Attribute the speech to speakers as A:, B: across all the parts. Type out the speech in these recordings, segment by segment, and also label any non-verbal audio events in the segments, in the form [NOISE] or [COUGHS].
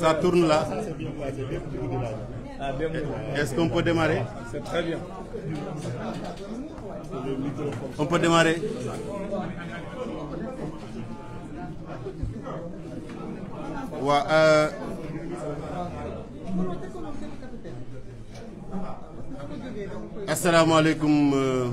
A: Ça tourne là. Est-ce qu'on peut démarrer? C'est très bien.
B: On peut démarrer?
A: Waaw. Euh, asalaamaaleykum euh,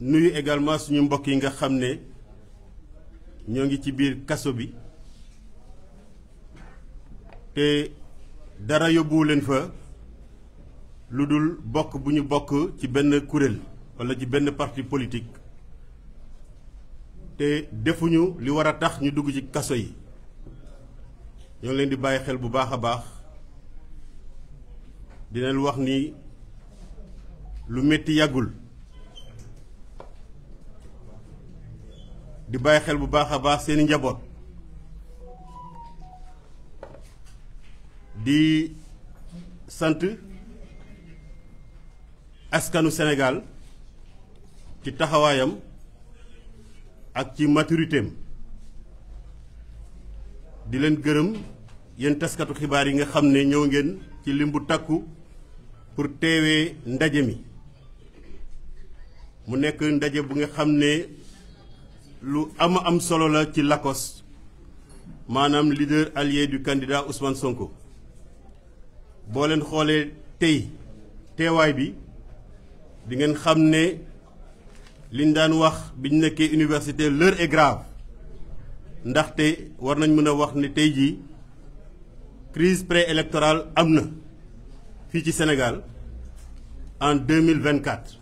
A: nuyu également suñu mbokk yi nga xam ne ñoo ngi ci biir kaso bi te dara yóbbuwu leen fa lu dul bokk bu ñu bokk ci benn kuréel walla ci benn parti politique te defuñu li war a tax ñu dugg ci kaso yi ñoo leen di bàyyi xel bu baax a baax di leen wax ni lu metti yàggul di bàyyi xel bu baax a baax seeni njaboot di sant askanu Sénégal ci taxawaayam ak ci maturité am di leen gërëm yéen taskatu xibaar yi nga xam ne ñëw ngeen ci lim takku pour teewee ndaje mi mu nekk ndaje bu nga xam ne. lu am am solo la ci lakos maanaam lider allié du candidat Ousmane Sonko boo leen xoolee tey teewaay bi di ngeen xam ne liñ daan wax bi ñu nekkee université l'heure est grave ndaxte war nañ mën a wax ni tey jii crise préélectorale am na fii ci Sénégal en deux mille vingt-quatre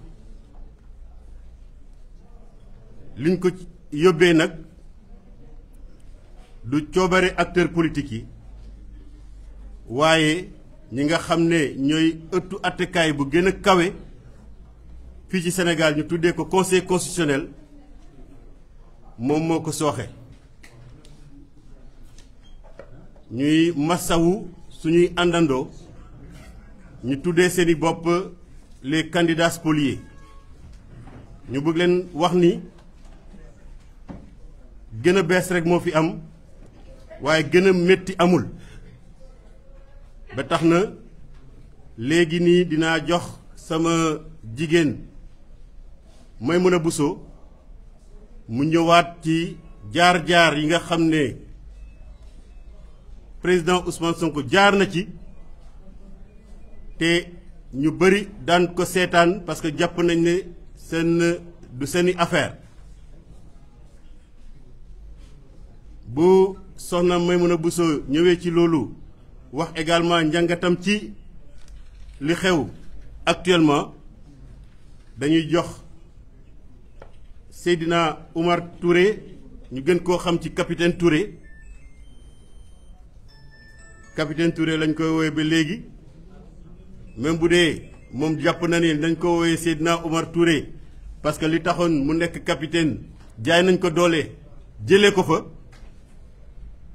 A: liñ ko yóbbee nag du coobare acteur politique yi waaye ñi nga xam ne ñooy ëttu attekaay bu gën a kawe fii ci senegal ñu tuddee ko conseil constitutionnel moom moo ko sooxe ñuy massawu suñuy àndandoo ñu tuddee seeni bopp les candidats spoliés ñu bëgg leen wax ni gën a bees rek moo fi am waaye gën a métti amul ba tax na léegi nii dinaa jox sama jigéen mooy Maimouna Bousso mu ñëwaat ci jaar-jaar yi nga xam ne président Ousmane Sonko jaar na ci te ñu bëri daan ko seetaan parce que jàpp nañ ne seen du seeni affaire bu soxna Maymuna Bousso ñëwee ci loolu wax également njàngatam ci li xew actuellement dañuy jox Seydina Oumar Touré ñu gën koo xam ci capitaine Touré capitaine Touré lañ koy woowee ba léegi même bu dee moom jàpp na ni dañ ko woowee Seydina Oumar Touré parce que li taxoon mu nekk capitaine jaay nañ ko doole jëlee ko fa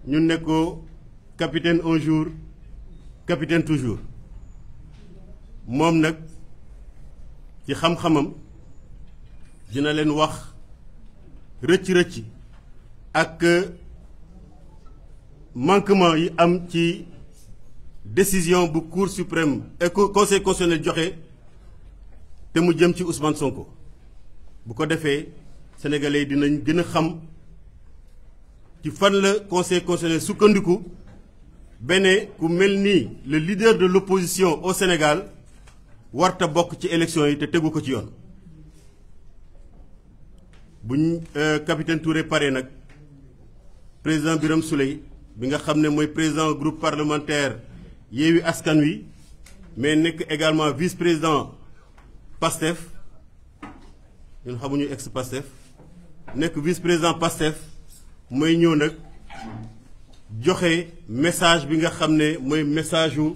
A: ñu nekkoo ko capitaine un jour capitaine toujours moom nag ci xam-xamam dina leen wax rëcc-rëcc ak manquement yi am ci décision bu cour suprême et conseil constitutionnel joxe te mu jëm ci Ousmane Sonko bu ko defee sénégalais dinañ gën a xam ci fan la conseil constitutionnel sukkandiku bene ku mel ni le leader de l'opposition au Sénégal warta bokk ci élection yi te tegu ko ci yoon buñ euh, capitaine Touré pare nag président biram Souleye bi nga xam ne mooy président groupe parlementaire Yewwi Askan Wi mais nekk également vice président PASTEF ñun xamuñu ex PASTEF nekk vice président PASTEF mooy ñëw nag joxe message bi nga xam ne mooy message wu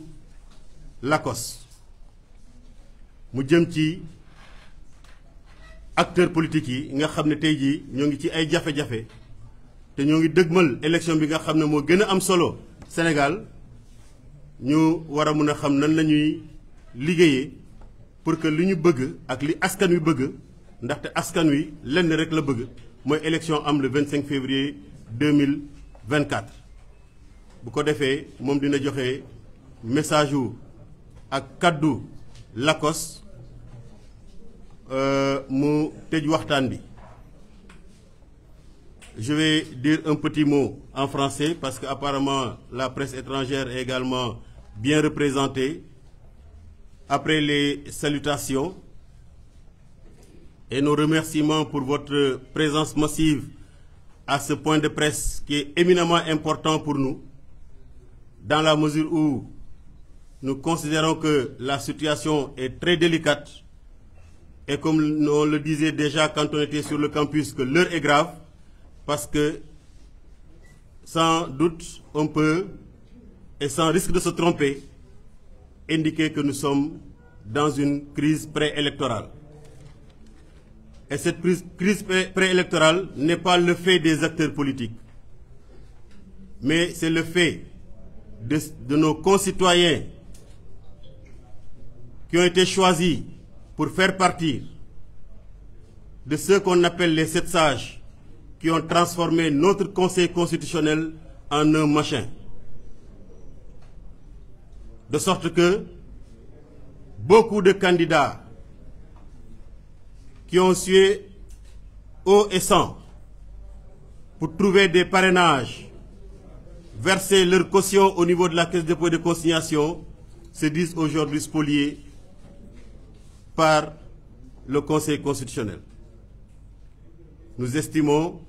A: lakos mu jëm ci acteurs politiques yi nga xam ne tey jii ñoo ngi ci ay jafe-jafe te ñoo ngi dëgmal élection bi nga xam ne moo gën a am solo Sénégal ñu war a mën a xam nan la ñuy liggéeyee pour que li ñu bëgg ak li askan wi bëgg ndaxte askan wi lenn rek la bëgg mooy élection am le 25 février 2024 bu ko defee moom dina joxe message wu ak kaddu lakos euh, mu tëj waxtaan bi je vais dire un petit mot en français parce que apparemment la presse étrangère est bien représenté après les salutations et nos remerciements pour votre présence massive à ce point de presse qui est éminemment important pour nous, dans la mesure où nous considérons que la situation est très délicate et comme on le disait déjà quand on était sur le campus, que l'heure est grave parce que sans doute on peut, et sans risque de se tromper, indiquer que nous sommes dans une crise préélectorale. Et cette crise préélectorale n'est pas le fait des acteurs politiques, mais c'est le fait de, de nos concitoyens qui ont été choisis pour faire partie de ceux qu'on appelle les sept sages qui ont transformé notre Conseil constitutionnel en un machin. De sorte que boku de candidats qui ont sué eau et pour trouver des parrainages, verser leur caution au niveau de la caisse de dépôt de consignation, se disent aujourd'hui spoliés par le Conseil constitutionnel. Nous estimons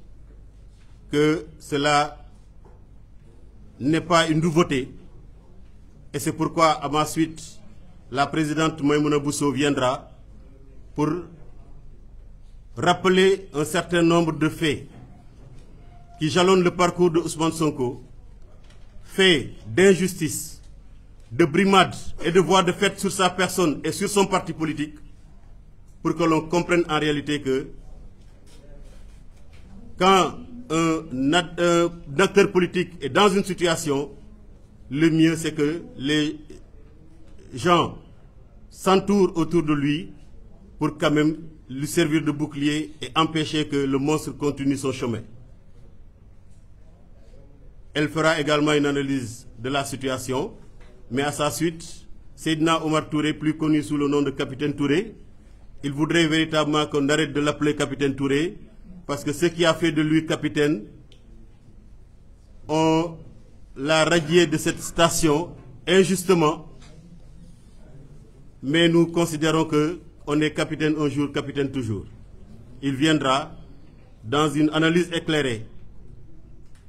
A: que cela n'est pas une nouveauté et c'est pourquoi à ma suite, la présidente Maïmouna Bousso viendra pour rappeler un certain nombre de faits qui jalonnent le parcours de Ousmane Sonko, faits d'injustice, de brimades et de voies de fait sur sa personne et sur son parti politique, pour que l'on comprenne en réalité que quand un, acteur politique est dans une situation, le mieux c'est que les gens s'entourent autour de lui pour quand même lui servir de bouclier et empêcher que le monstre continue son chemin. Elle fera également une analyse de la situation, mais à sa suite, Seydina Omar Touré, plus connu sous le nom de Capitaine Touré, il voudrait véritablement qu'on arrête de l'appeler Capitaine Touré, parce que ce qui a fait de lui capitaine, on l'a radié de cette station injustement, mais nous considérons que on est capitaine un jour, capitaine toujours. Il viendra, dans une analyse éclairée,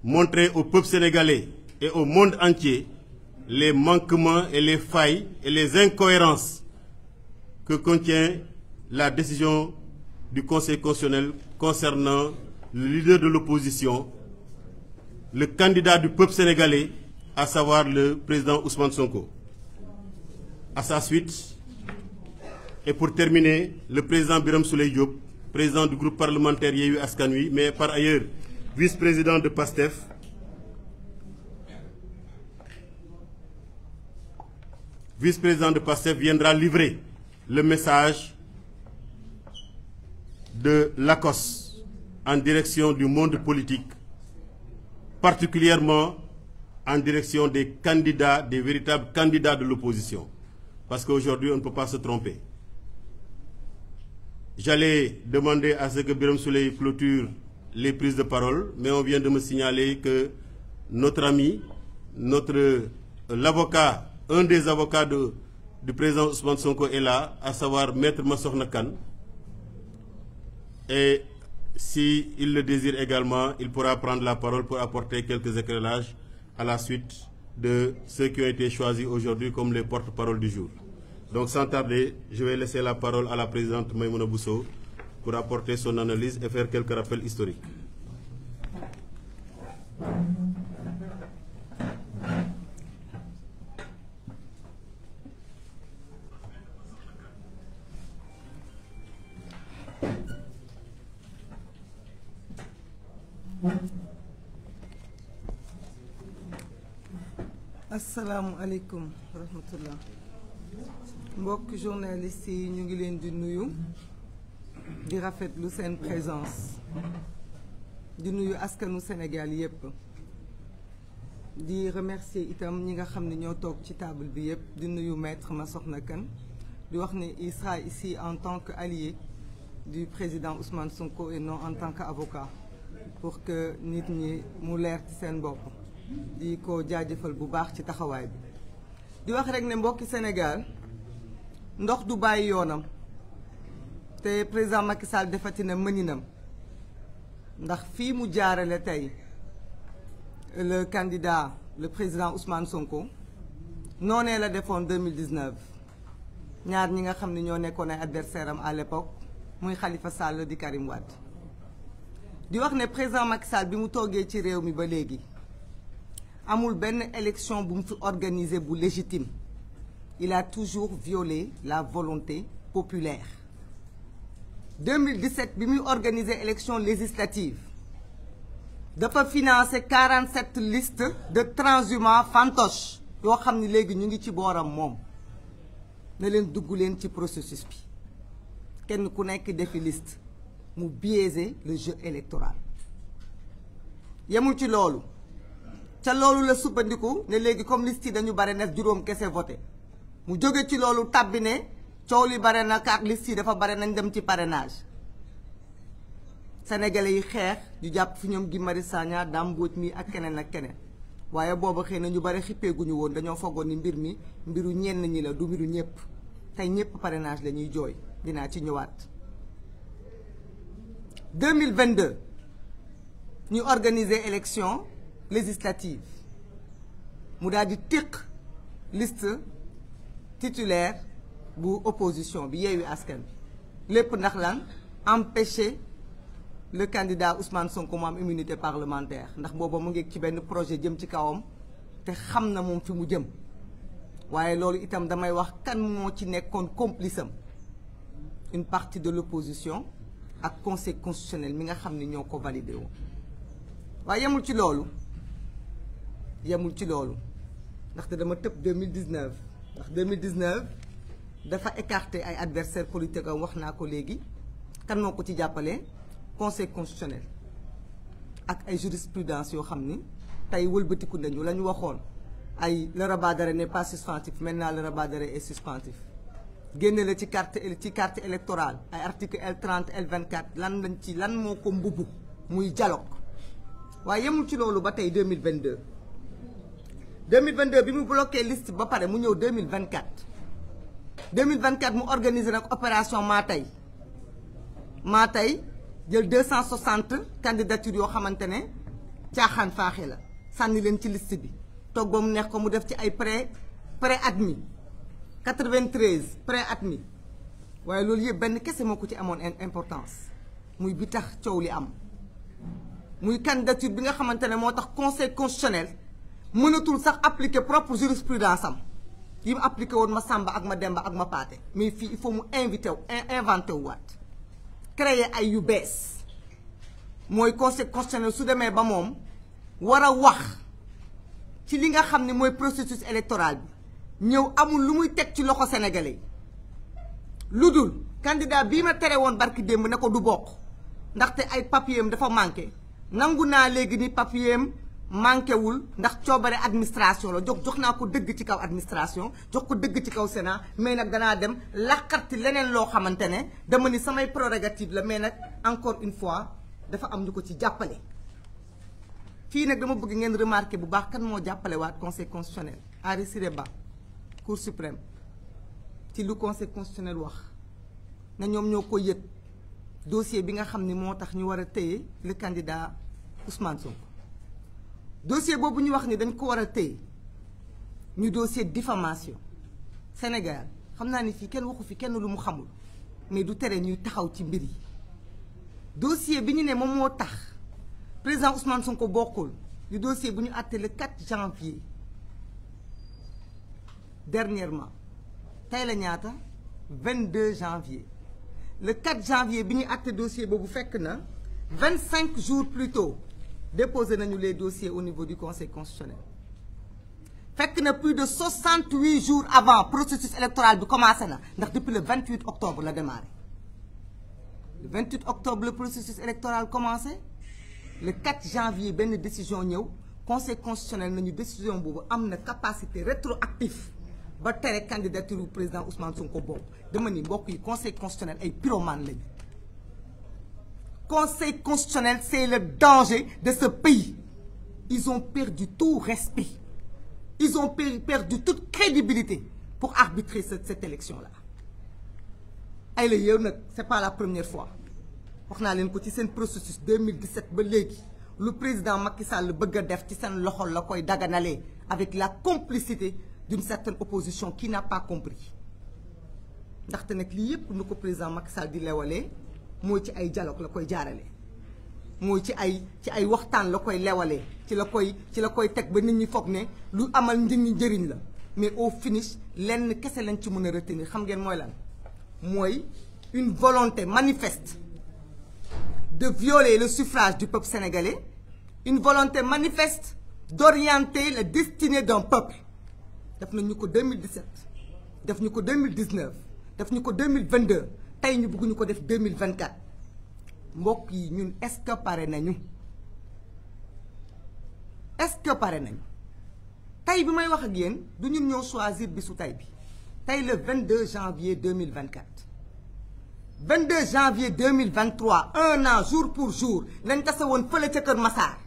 A: montrer au peuple sénégalais et au monde entier les manquements et les failles et les incohérences que contient la décision du Conseil constitutionnel concernant le leader de l'opposition, le candidat du peuple sénégalais, à savoir le président Ousmane Sonko. À sa suite, Et pour terminer, le président Biram Souley Diop, président du groupe parlementaire Yewwi Askan Wi, mais par ailleurs vice-président de PASTEF, vice-président de PASTEF viendra livrer le message de l'ACOS en direction du monde politique, particulièrement en direction des candidats, des véritables candidats de l'opposition. Parce qu'aujourd'hui, on ne peut pas se tromper. J'allais demander à ce que Birame Souleye clôture les prises de parole, mais on vient de me signaler que notre ami, notre euh, l'avocat, un des avocats de, du président Ousmane Sonko est là, à savoir Maître Massokhna Kane. Et si il le désire également, il pourra prendre la parole pour apporter quelques éclairages à la suite de ceux qui ont été choisis aujourd'hui comme les porte-parole du jour. Donc sans tarder, je vais laisser la parole à la présidente Maïmouna Bousso pour apporter son analyse et faire quelques rappels historiques.
C: asalaamualeykum wa rahmatullah mbokk journaliste yi ñu ngi leen di nuyu di rafetlu seen présence di nuyu askanu Sénégal yépp di remercier itam ñi nga xam ne ñoo toog ci taabal bi yépp di nuyu maître Massokhna kan di wax ne il sera en tant que allié du président Ousmane Sonko et non en tant que qu'avocat pour que nit ñi mu leer ci seen bopp di ko jaajëfal bu baax ci taxawaay bi di wax rek ne mbokki Sénégal ndox du bàyyi yoonam te président Macky Sall defati na mëninam ndax fii mu jaarale tey le candidat le président Ousmane Sonko noonee la defoon 2019 ñaar ñi nga xam ne ñoo nekkoon ay adversaire am à l'époque muy Khalifa Sall di Karim Wade di wax ne président Macky bi mu toogee ci réew mi ba léegi amul benn élection bu mu fi organisé bu légitime il a toujours violé la volonté populaire 2017 bi muy organiser élection législative dafa financer 47 listes de transhumants fantoches yoo xam ni léegi ñu ngi ci booram moom na leen dugg leen ci processus bi kenn ku nekk defi liste mu biaiser le jeu électoral yemul ci loolu ca loolu la sukkandiku ne léegi comme liste yi dañu bare nag juróom kese voté mu jóge ci loolu tàbbi ne coow li bare na ak liste yi dafa bare nañ dem ci parrainage senegale yi xeex ñu jàpp fi ñoom Guy Marius Sagna Dame mi ak keneen ak keneen waaye booba xëy na ñu bare xippeeguñu woon dañoo foogoon ni mbir mi mbiru ñenn ñi la du mbiru ñëpp tey ñëpp parrainage la ñuy jooy dinaa ci ñëwaat. 2022 ñu organiser élection législative mu daal di téq liste. titulaire bu opposition bi Yewwi Askan lépp ndax lan empêcher le candidat Ousmane Sonko mu am immunité parlementaire ndax booba mu ngi ci benn projet jëm ci kawam te xam na moom fi mu jëm waaye loolu itam damay wax kan moo ci nekkoon complice am une partie de l'opposition ak conseil constitutionnel mi nga xam ni ñoo ko validé woon waaye yemul ci loolu yamul ci loolu ndaxte dama tëb ndax 2019 dafa écarté ay adversaires politiques am wax naa ko léegi kan moo ko ci jàppale conseil constitutionnel ak ay jurisprudence yoo xam ni tey wëlbatiku nañu la ñu waxoon ay le rabat d'arrêt n'est pas suspensif maintenant le rabat d'arrêt est suspensif génne la ci carte ci carte électorale ay article L30 L24 lan lañ ci lan moo ko mbubu muy dialogue waaye yemul ci loolu ba tey 2022 2022 bi mu bloqué liste ba pare mu ñëw 2024 2024 mu organiser nag opération maa tey maa tey jël 260 candidatures yoo xamante ne caaxaan faaxe la sànni leen ci list bi toog ba mu neex ko mu def ci ay pré pré admis 93 pré admis waaye loolu yëpp benn kese moo ko ci amoon importance muy bi tax coow li am muy candidature bi nga xamante ne moo tax conseil constitutionnel. mënatul sax appliquer propre jurisprudence am yi mu appliqué woon ma Samba ak ma Demba ak ma Paate mais fii il faut mu invité wu inventé wu waat créer ay yu bees mooy conseil constitutionnel su demee ba moom war a wax ci li nga xam ne mooy processus électoral bi ñëw amul lu muy teg ci loxo sénégalais yi lu dul candidat bii ma tere woon barki démb ne ko du bokk ndaxte ay papieram dafa manqué nangu naa léegi ni papieram manqué wul ndax coobare administration la jox jox naa ko dëgg ci kaw administration jox ko dëgg ci kaw Sénat mais nag danaa dem làqarti leneen loo xamante ne dama ni samay prérogative la mais nag encore une fois dafa am ñu ko ci jàppale. fii nag dama bëgg ngeen remarqué bu baax kan moo jàppale waat conseil constitutionnel Henri Ciré Ba cour suprême ci lu conseil constitutionnel wax na ñoom ñoo ko yët dossier bi nga xam ni moo tax ñu war a téye le candidat Ousmane dossier boobu ñu wax ni dañ ko war a tëy ñu dossier diffamation Sénégal xam naa ni fii kenn waxu fi kenn lu mu xamul mais du tere ñuy taxaw ci mbir yi dossier bi ñu ne moom moo tax président Ousmane ko bokkul du dossier bu ñu àttee le 4 janvier dernièrement tey la ñaata 22 janvier le 4 janvier bi ñu àttee dossier boobu fekk na 25 jours plus tôt déposé nañu les dossiers au niveau du conseil constitutionnel fekk na plus de 68 jours avant processus électoral bi commencé na ndax depuis le 28 octobre la démarré le 28 octobre le processus électoral commencé le 4 janvier benn décision ñëw conseil constitutionnel nañu décision boobu am na capacité rétroactive ba tere candidature bu président Ousmane Sonko boobu dama ni mbokk yi conseil constitutionnel ay pyromane lañu Conseil constitutionnel, c'est le danger de ce pays. Ils ont perdu tout respect. Ils ont perdu toute crédibilité pour arbitrer cette, cette élection-là. ay la yow nag c'est pas la première fois wax naa leen ko ci seen processus 2017 ba léegi lu président Macky Sall bëgg a def ci seen loxo la koy daganalee avec la complicité d'une certaine opposition qui n'a pas compris ndaxte nag lii yëpp nu ko président Macky Sall di lewalee mooy ci ay dialogue la koy jaarale mooy ci ay ci ay waxtaan la koy lewalee ci la koy ci la koy teg ba nit ñi foog ne lu amal njëriñ njëriñ la mais au finish lenn kese lañ ci mën a retenir xam ngeen mooy lan mooy une volonté manifeste de violer le suffrage du peuple sénégalais une volonté manifeste d'orienter la destinée d'un peuple def nañu ko 2017 def ñu ko deux 2019 def ñu ko deux mille vingt 2022 tey ñu bëgg ñu ko def 2024 mbokk yi ñun est-ce que pare nañu est-ce que pare nañu tey bi may wax ak yéen du ñun ñëw choisir bi su tey bi tey le 22 janvier 2024 22 janvier 2023 un an jour pour jour lañ tase woon fële ca Kër Massar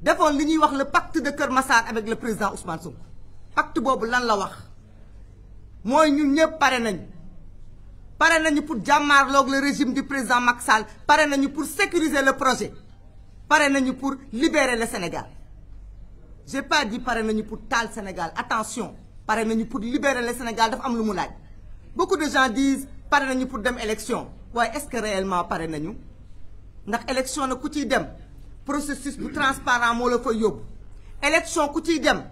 C: defoon li ñuy wax le pacte de Kër Massar avec le président Ousmane Sonko pacte boobu lan la wax mooy ñun ñëpp pare nañ pare nañu pour jàmmaarloog le régime du président Macky Sall pare nañu pour sécuriser le projet pare nañu pour libérer le Sénégal je pas dit pare nañu pour taal Sénégal attention pare nañu pour libérer le Sénégal dafa am lu mu laaj beaucoup de gens disent pare nañu pour dem élection waaye est-ce que réellement pare nañu ndax élection na ku ciy dem processus bu transparent moo la fa yóbbu élection ku ciy dem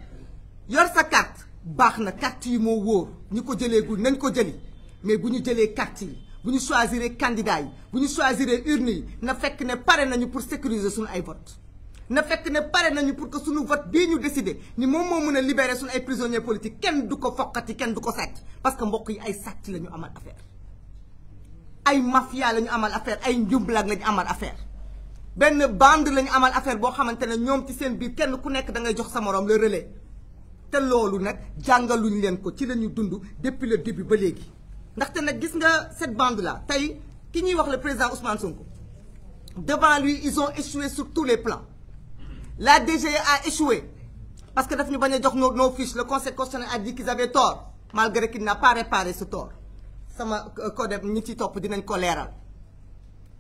C: yor sa carte baax na carte yi moo wóor ñi ko jëleegul nañ ko jëli mais bu ñu jëlee carte yi bu ñu choisir candidat yi bu ñu choisir urne yi na fekk ne pare nañu pour sécuriser suñu ay vote na fekk ne pare nañu pour que suñu vote bii ñu décidé ni moom moo mën a libérer suñu ay prisonniers politiques kenn du ko foqati kenn du ko sàcc parce que mbokk yi ay sàcc la ñu amal affaire ay mafia la ñu amal affaire ay njumbalag la ñu amal affaire benn bande la amal affaire boo xamante ne ñoom ci seen biir kenn ku nekk dangay jox sa morom le relais te loolu nag jàngaluñ leen ko ci la ñu dund depuis le début léegi ndaxte nag gis nga set bande là tey ki ñuy wax le président Ousmane Sonko devant lui ils ont échoué sur tous les plans la DGE a échoué parce que daf ñu bañ a jox nos nos fiches le conseil constitutionnel a dit qu'ils avaient tort malgré qu'il n'a pas réparé ce tort sama euh, codeb ñi ci topp dinañ ko leeral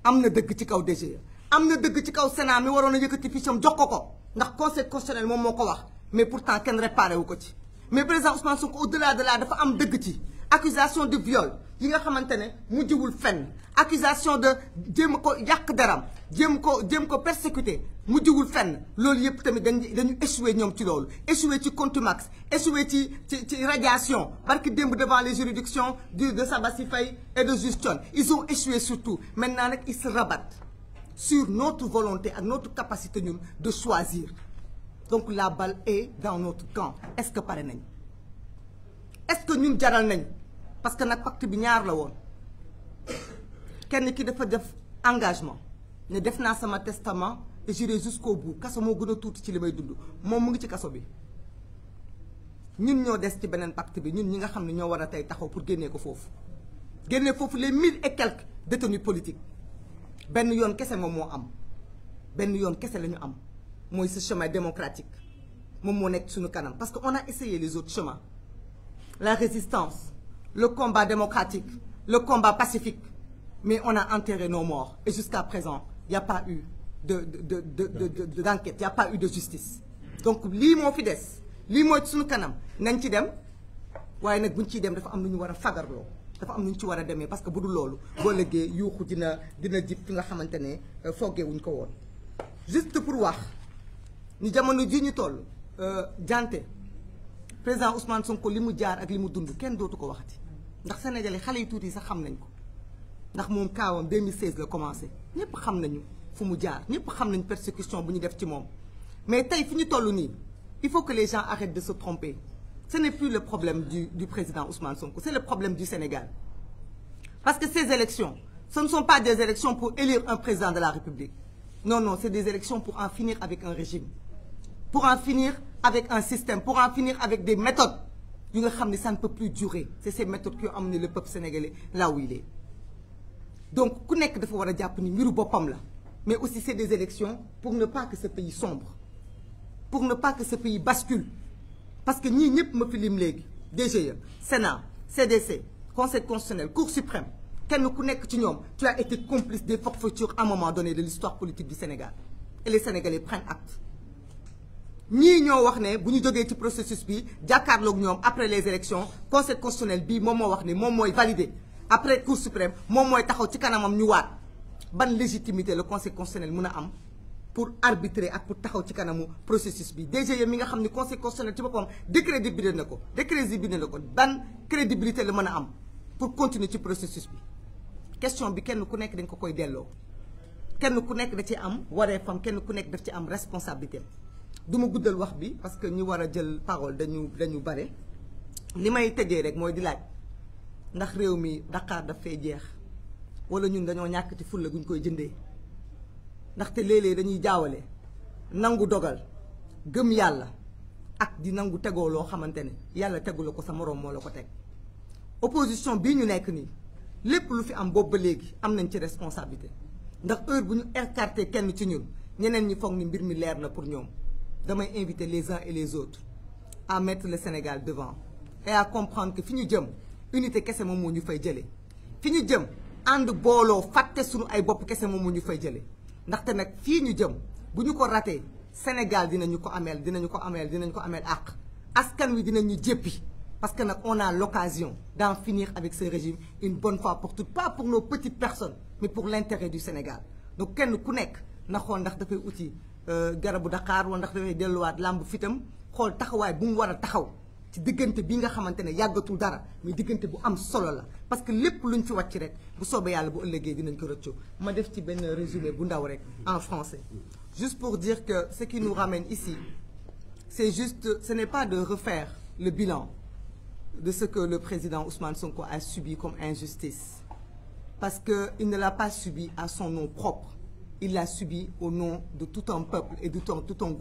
C: am na dëgg ci kaw DGE am na dégg ci kaw Sénat mi waroon a yëkkati fiche am jox ko ko ndax conseil constitutionnel moom moo ko wax mais pourtant kenn réparé wu ko ci mais président Ousmane Sonko au delà de là dafa am dëgg ci accusation de viol yi nga xamante ne mujjiwul fenn accusation de jéem ko yàq daram jéem ko jéem ko persécuter mujjiwul fenn loolu yëpp tamit dañu dañu échoué ñoom ci loolu échoué ci contumax échoué ci ci ci radiation barki démb devant les juridictions du de Sabassi Faye et de Justion ils ont échoué surtout maintenant nag ils se rabattent sur notre volonté ak notre capacité ñun de choisir donc la balle est dans notre camp est-ce que pare nañ est-ce que ñun jaral nañ parce que nag pacte bi ñaar la woon kenn ki dafa def engagement ne def naa sama testament et j'irai jusqu'au bout kaso moo gën a tuuti ci li may dund moom mu ngi ci kaso bi ñun ñoo des ci beneen pacte bi ñun ñi nga xam ne ñoo war a tey taxaw pour génnee ko foofu génne foofu les mille et quelques détenus politique benn yoon kese moom moo am benn yoon kese la ñu am mooy ce chemin démocratique moom moo nekk suñu kanam parce que on a essayé les autres chemins la le combat démocratique, le combat pacifique. Mais on a enterré nos morts. Et jusqu'à présent, yàppa n'y a de, de, de, il n'y a pas de justice. Donc, lii moo fi des lii mooy suñu kanam nañ ci dem waaye nag buñ ciy dem dafa am lu ñu war a fagarloo dafa am lu ñu ci war a demee parce que bu dul loolu boo léegi yuuxu dina dina jib fi nga xamante ne euh, foogeewuñ ko woon. juste pour wax ni jamono ji ñu toll jante euh, président Ousmane Sonko li mu jaar ak li mu dund kenn dootu ko waxati. ndax sénégalais xale yi tuuti sax xam nañ ko ndax moom kaawam 2016 la commencé ñëpp xam nañu fu mu jaar ñëpp xam nañ persécution bu ñu def ci moom mais tey fi ñu toll nii il faut que les gens arrêtent de se tromper ce n'est plus le problème du du président Ousmane Sonko c'est le problème du Sénégal parce que ces élections ce ne sont pas des élections pour élire un président de la République non non c'est des élections pour en finir avec un régime pour en finir avec un système pour en finir avec des méthodes yu nga xam ni ça ne peut plus durer c'est ces méthodes qui ont amené le peuple sénégalais là où donc ku nekk dafa war a jàpp ni mbiru boppam la mais aussi c'est des élections pour ne pas que ce pays sombre pour ne pas que ce pays bascule parce que ñii ñëpp ma fi lim léegi DGE Sénat CDC Conseil constitutionnel Cour suprême kenn ku nekk ci ñoom tu as été complice des forfaitures un moment donné de l'histoire politique du Sénégal et les Sénégalais prennent ñii ñoo wax ne bu ñu jógee ci processus bi jàkkaarlook ñoom après les élections conseil constitutionnel bi moom moo wax ni moom mooy validé après cour suprême moom mooy taxaw ci kanamam ñu waat ban légitimité la conseil constitutionnel mun a am pour arbitrer ak pour taxaw ci kanamu processus bi DGE mi nga xam ni conseil constitutionnel ci boppam décrédibilité na ko décrédibilité na ko ban crédibilité la mën a am pour continuer ci processus bi question bi kenn ku nekk dañ ko koy delloo kenn ku nekk da ci am waree fam kenn ku nekk daf ci am responsabilité duma ma guddal wax bi parce que ñu war a jël parole dañu dañu bare li may tegee rek mooy di laaj ndax réew mi Dakar daf fay jeex wala ñun dañoo ñàkk ci fulla guñ koy jëndee ndaxte léeg-léeg dañuy jaawale nangu dogal gëm yàlla ak di nangu tegoo loo xamante ne yàlla tegu ko sa moroom moo la ko teg opposition bii ñu nekk nii lépp lu fi am boobu ba léegi am nañ ci responsabilité ndax heure bu ñu écarté kenn ci ñun ñeneen ñi foog ni mbir mi leer na pour ñoom damay inviter les uns et les autres à mettre le Sénégal devant et à comprendre que fi ñu jëm unité kese moom moo ñu fay jëlee fi ñu jëm ànd booloo fàtte suñu ay bopp kese moom moo ñu fay jëlee ndaxte nag fii ñu jëm bu ñu ko ratee Sénégal dinañu ko ameel dinañu ko ameel dinañu ko ameel àq askan wi dinañu jéppi parce que nag on a l'occasion d'en finir avec ce régime une bonne fois pour toutes pas pour nos petites personnes mais pour l'intérêt du Sénégal donc kenn ku nekk na ndax dafay outil Euh, garabu Dakar wala ndax dafay delluwaat làmb fitam xool taxawaay bu mu war a taxaw ci diggante bi nga xamante ne yàggatul dara mais diggante bu am solo la parce que lépp luñ fi wàcc rek bu soobee yàlla bu ëllëgee dinañ ko rëccoo ma def ci benn résumé bu ndaw rek en français juste pour dire que ce qui nous ramène ici c'est juste ce n'est pas de refaire le bilan de ce que le président Ousmane Sonko a subi comme injustice parce que il ne l'a pas subi à son nom propre il l'a subi au nom de tout un peuple et de tout un, tout un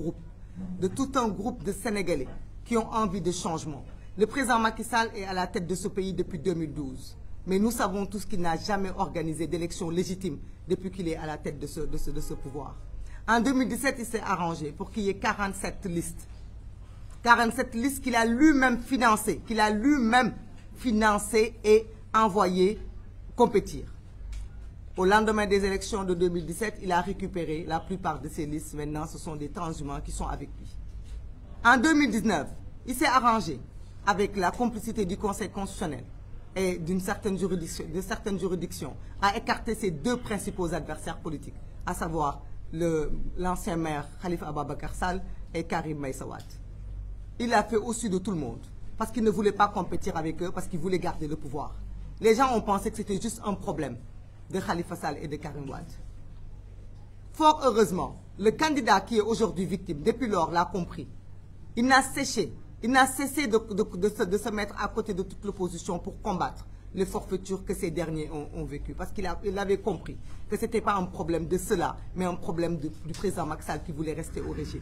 C: de tout un groupe de Sénégalais de changement. Le président Macky Sall est à la tête de ce pays depuis 2012. Mais nous savons tous qu'il n'a jamais à la tête de ce, de ce, de ce pouvoir. En 2017, il s'est arrangé pour qu'il y ait 47 listes. 47 listes qu'il a lui-même financées, et envoyées compétir. Au lendemain des élections de 2017, il a récupéré la plupart de ses listes. Maintenant, ce sont des transhumants qui sont avec lui. En 2019, il s'est arrangé avec la complicité du Conseil constitutionnel et d'une certaine juridiction, de certaines juridictions à écarter ses deux principaux adversaires politiques, à savoir l'ancien maire Khalifa Ababakar Sall et Karim Maïsawat. Il l'a fait au-dessus de tout le monde parce qu'il ne voulait pas compétir avec eux, parce qu'il voulait garder le pouvoir. un problème de Khalifa Sall et de Karim Wade. Fort heureusement, le candidat qui est aujourd'hui victime, depuis lors, l'a compris. Il n'a séché, il n'a cessé de, de, de, se, mettre à côté de toute l'opposition pour combattre les forfaitures que ces derniers ont, ont Parce qu'il il avait compris que ce n'était pas un problème de cela, mais un problème du président Maxal qui voulait rester au régime.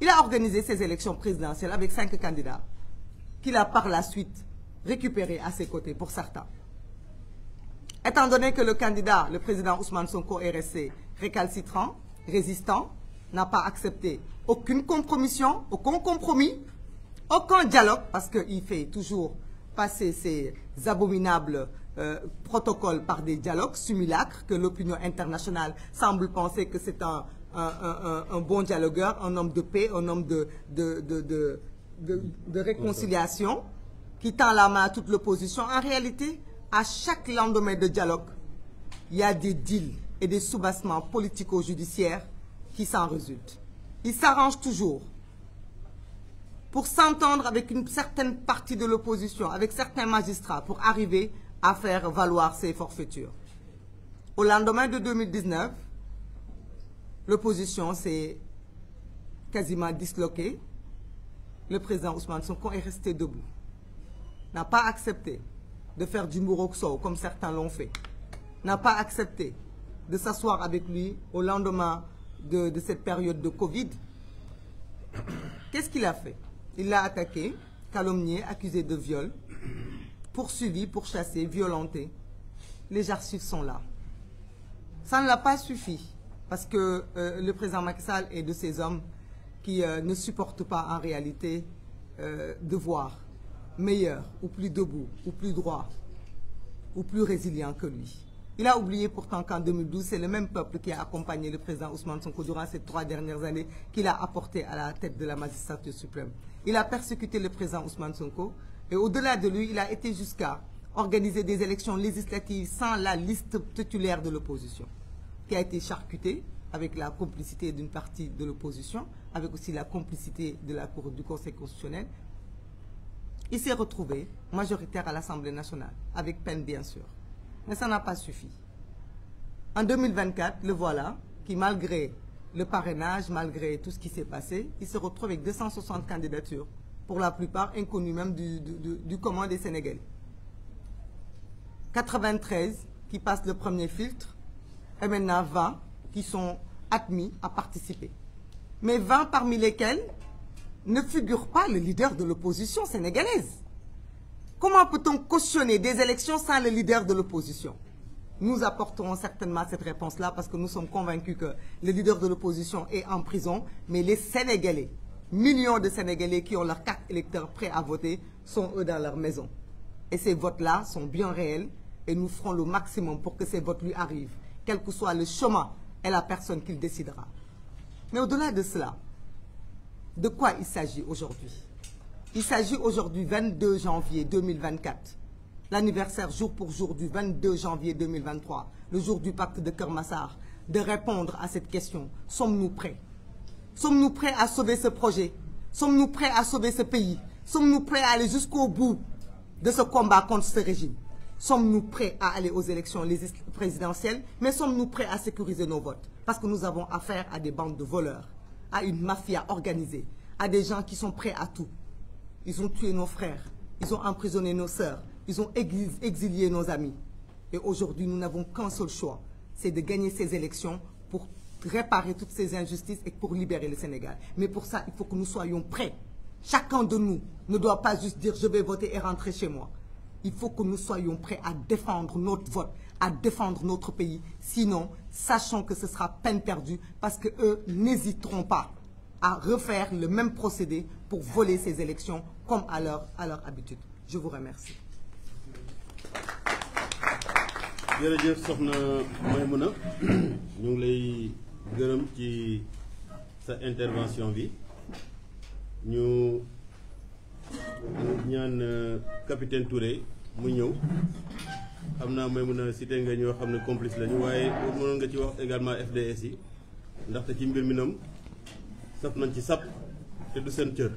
C: Il a organisé ces élections présidentielles avec cinq candidats qu'il a par la suite récupérés à ses pour certains. Étant donné que le candidat, le président Ousmane Sonko est resté récalcitrant, résistant, n'a pas accepté aucune compromission, aucun compromis, aucun dialogue, parce qu'il fait toujours passer ces abominables euh, protocoles par des dialogues simulacres, que l'opinion internationale semble penser que c'est un, un, un, un, bon dialogueur, un homme de paix, un homme de, de, de, de réconciliation, qui tend la main à toute l'opposition. En réalité, à chaque lendemain de dialogue, il y a des deals et des soubassements politico-judiciaires qui s'en résultent. Ils s'arrangent toujours pour s'entendre avec une certaine partie de l'opposition, avec certains magistrats, pour arriver à faire valoir ces forfaitures. Au lendemain de 2019, l'opposition s'est quasiment disloquée. Le président Ousmane Sonko est resté debout, n'a pas accepté de faire du mburook soow comme certains l'ont fait n'a pas accepté de s'asseoir avec lui au lendemain de de cette période de Covid [COUGHS] qu'est-ce qu'il a fait il l'a attaqué calomnié accusé de viol poursuivi pourchassé violenté les archives sont là ça ne l'a pas suffi parce que euh, le président Macky Sall est de ces hommes qui euh, ne supportent pas en réalité euh, de voir meilleur ou plus debout ou plus droit ou plus résilient que lui. Il a oublié pourtant qu'en c'est le même peuple qui a accompagné le président Ousmane Sonko durant ces trois dernières années qu'il a apporté à la tête de la magistrature suprême. Il a persécuté le président Ousmane Sonko et au-delà de lui, il a été jusqu'à organiser des élections législatives sans la liste titulaire de l'opposition, qui a été charcutée avec la complicité d'une partie de l'opposition, la complicité de la Cour du Conseil Il s'est retrouvé majoritaire à l'Assemblée nationale, avec peine bien sûr. Mais ça n'a pas suffi. En 2024, le voilà, qui malgré le parrainage, malgré tout ce qui s'est passé, il se retrouve avec 260 candidatures, pour la plupart inconnues même du, du, du, du commun des Sénégalais. 93 qui passent le premier filtre, et maintenant 20 qui sont admis à participer. Mais 20 parmi lesquels ne figure pas le leader de l'opposition sénégalaise. Comment peut-on cautionner des élections sans le leader de l'opposition Nous apporterons certainement cette réponse-là parce que nous sommes convaincus que le leader de l'opposition est en prison, mais les Sénégalais, millions de Sénégalais qui ont leurs quatre électeurs prêts à voter, sont eux dans leur maison. Et ces votes-là sont bien réels et nous ferons le maximum pour que ces votes lui arrivent, et la personne qu'il décidera. Mais de quoi il s'agit aujourd'hui il s'agit aujourd'hui 22 janvier 2024 l'anniversaire jour pour jour du 22 janvier 2023 le jour du pacte de Keur Massar de répondre à cette question sommes-nous prêts sommes-nous prêts à sauver ce projet sommes-nous prêts à sauver ce pays sommes-nous prêts à aller jusqu'au bout de ce combat contre ce régime sommes-nous prêts à aller aux élections présidentielles mais sommes-nous prêts à sécuriser nos votes parce que nous avons affaire à des de voleurs à une mafia organisée, à des gens qui sont prêts à tout. Ils ont tué nos frères, ils ont emprisonné nos sœurs, ils ont exilié nos amis. Et aujourd'hui, nous n'avons qu'un seul choix, c'est de gagner ces élections pour réparer toutes ces injustices et pour libérer le Sénégal. Mais pour ça, il faut que nous soyons prêts. Chacun de nous ne doit pas juste dire « je vais voter et rentrer chez moi ». Il faut que nous soyons prêts à défendre notre vote, à défendre notre pays. Sinon, sachons que ce sera peine perdue parce qu'eux n'hésiteront pas à refaire le même procédé pour voler ces élections comme à leur, à leur habitude. Je vous remercie.
A: jërëjëf soxna Maymuna ñu ngi lay gërëm ci sa intervention bi ñu ñaan euh, capitaine Touré mu ñëw xam naa may mën a cité nga ñoo xam ne complice lañu waaye mënoon nga ci wax également FDS yi ndaxte ci mbir mi ñoom nañ ci sap te du seen cër.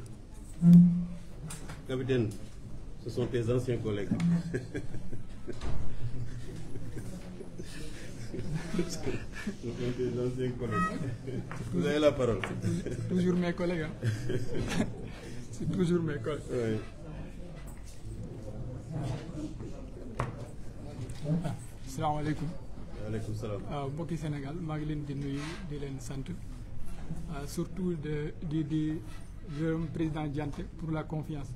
A: capitaine ce sont tes
C: la parole. C'est toujours mes collègues. toujours mes collègues. Oui.
B: salaamaaleykum. waaleykum salaam. waaw mbokki Sénégal maa ngi leen di nuyu di leen sant euh, surtout de di di gërëm président Dianté pour la confiance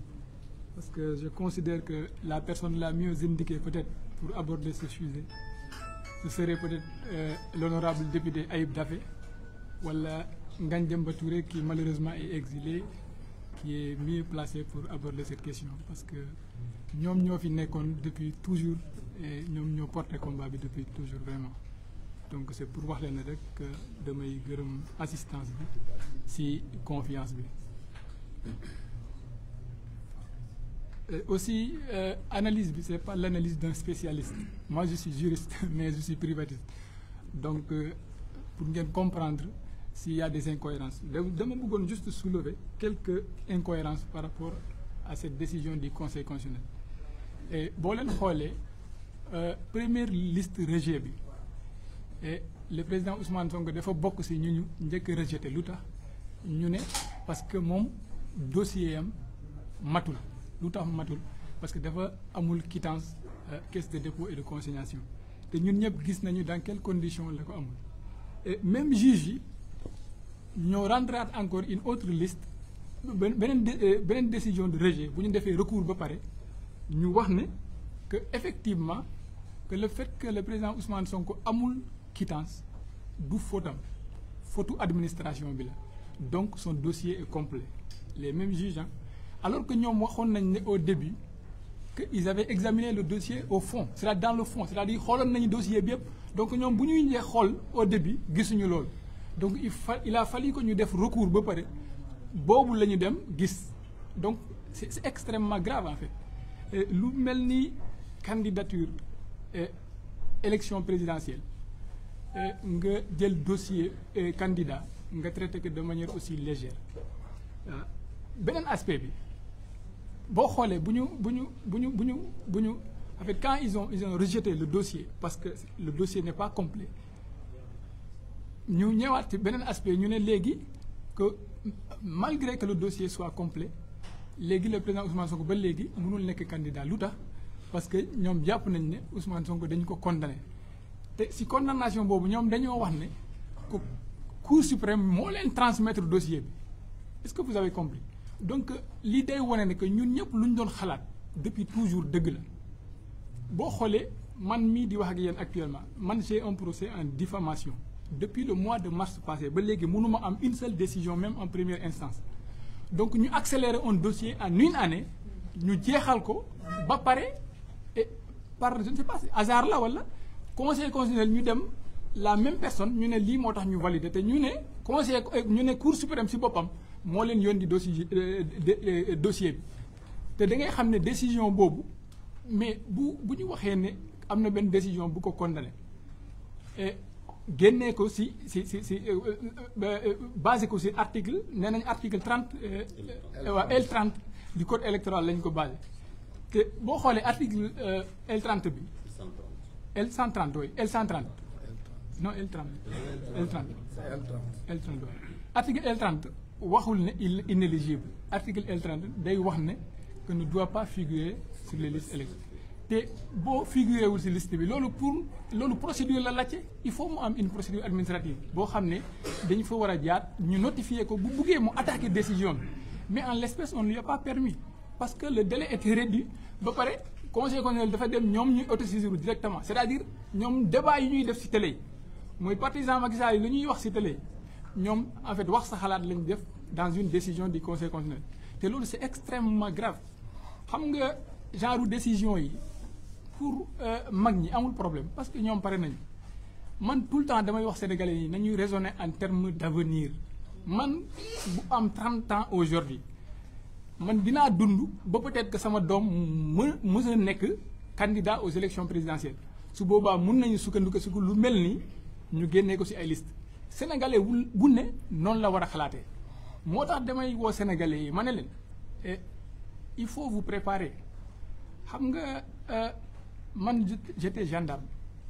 B: parce que je considère que la personne la mieux indiquée peut-être pour aborder ce sujet ce serait peut-être euh, l'honorable député Ayib Daffé wala Ngagne Demba Touré qui malheureusement est exilé qui est mieux placé pour aborder cette question parce que ñoom ñoo fi nekkoon depuis toujours ñoom ñoo porté combat bi depuis toujours vraiment donc c'est pour wax leen rek damay gërëm assistance bi ci confiance bi. aussi euh, analyse bi c'est pas l'analyse d'un spécialiste moi je suis juriste [LAUGHS] mais je suis privatiste donc euh, pour ngeen comprendre si y a des incohérences dama buggoon juste soulever quelque incohérences par rapport à cette décision du Conseil constitutionnel et boo leen xoolee. Euh, première liste rejet bi et le président Ousmane Sonko dafa bokk si ñu ñu njëkk rejeté lu tax ñu ne parce que moom dossier am matul lu tax matul parce que dafa amul quittance euh, caisse de dépôt et de consignation te ñun ñëpp gis nañu dans quelles condition la ko amul même juge yi ñoo rendraat encore une autre liste beneen euh, beneen décision de rejet bu ñu defee recours ba pare ñu wax ne que effectivement que le fait que le président son ko amul quittance du fautam fautu administration bi la donc son dossier est complet les mêmes juges alors que ñoom waxoon nañ ne au début que ils avaient examiné le dossier au fond cest à dans le fond c'est-à-dire xooloon nañu dossier bi yëpp donc ñoom bu ñuy njee xool au début gisuñu loolu donc il fa il a fallu ko ñu def recours ba pare boobu la ñu dem gis donc c'est extrêmement grave en fait mel ni candidature Euh, élection présidentielle euh, nga jël dossier euh, candidat nga traité que de manière aussi légère beneen aspect bi boo xoolee bu ñu bu ñu bu ñu bu ñu bu ñu en fait quand ils ont ils ont rejeté le dossier parce que le dossier n'est pas complet ñu ñëwaat beneen aspect ñu ne léegi que malgré que le dossier soit complet léegi le président Ousmane Sonko ba léegi mënul nekk candidat lu tax parce que ñoom jàpp nañ ne Ousmane ko dañu ko condamné te si condamnation boobu ñoom dañoo wax ne ko Cour suprême moo leen transmettre dossier bi est-ce que vous avez compris donc li day wane ne que ñun ñëpp lu ñu doon xalaat depuis toujours dëgg la boo xoolee man mii di wax ak yéen actuellement man j'ai un procès en diffamation depuis le mois de mars passé ba léegi mënuma am une seule décision même en première instance donc ñu accélérer un dossier en une année ñu jeexal ko ba pare par je ne sais pas la wala conseil constitutionnel ñu dem la même personne ñu ne lii moo tax ñu valider te ñu ne conseil ñu ne cour suprême si boppam moo leen yoon di dossier euh, euh, dossier bi te da ngay xam ne décision boobu mais bu bu ñu waxee ne am na benn décision bu ko condamné et génnee ko si si si si euh, basé ko si article nee nañ article trente waa L30 du code électoral lañ ko basé te boo xoolee article euh, L30 bi. L130 oui L130. non L30. L30 L30. article L30 waxul ne il est inéligible article l day wax ne que ne doit pas figurer sur les listes électorales te boo figurer wul si liste bi loolu pour loolu procédure la laajte il faut mu am une procédure administrative boo xam ne dañu fa war a jaar ñu notifier ko bu buggee mu attaquer décision bi mais en l'espèce on ne lui a pas permis. parce que le délai était réduit ba pare conseil constitutionnel dafa dem ñoom ñuy autosaisir directement c'est-à-dire ñoom débat yi ñuy def ci télé yi mooy partisan Macky Sall yi lu ñuy wax ci télé ñoom en fait wax sa xalaat lañu def dans une décision du conseil constitutionnel te loolu c'est extrêmement grave xam nga genre décision yi pour euh, mag ñi amul problème parce que ñoom pare nañu man tout le temps damay wax sénégalais yi nañuy raisonner en terme d'avenir man bu am 30 ans aujourd'hui man dinaa dund ba peut-être que sama doom mën mës a nekk candidat aux élections présidentielles su boobaa mun nañu sukkandiku si lu mel ni ñu génnee ko si ay liste sénégalais wul bu noonu la war a xalaatee moo tax damay woo sénégalais yi ma ne leen eh, il faut vous préparer xam nga euh, man j'étais gendarme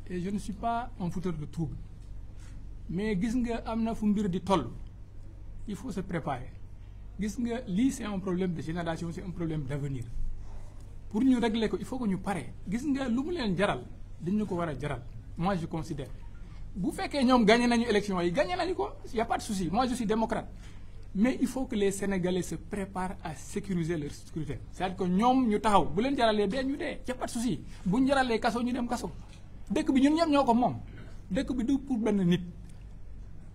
B: et je ne suis pas un fouteur de trouble mais gis nga am na fu mbir di toll il faut se préparer gis nga lii c'est un problème de génération c'est un problème d'avenir pour ñu regle ko il faut que ñu pare gis nga lu mu leen jaral dañu ko war a jaral moi je considère bu fekkee ñoom gagné nañu élection yi gagné nañu ko y a pas de souci moi démocrate mais il faut que les sénégalais se préparent à sécuriser leur sécurité c'est-à-dire que ñoom ñu taxaw bu leen jaralee dee ñu dee y a pas bu ñu jaralee kaso ñu dem kaso dëkk bi ñun ñëpp ñoo ko moom dëkk bi du pour benn nit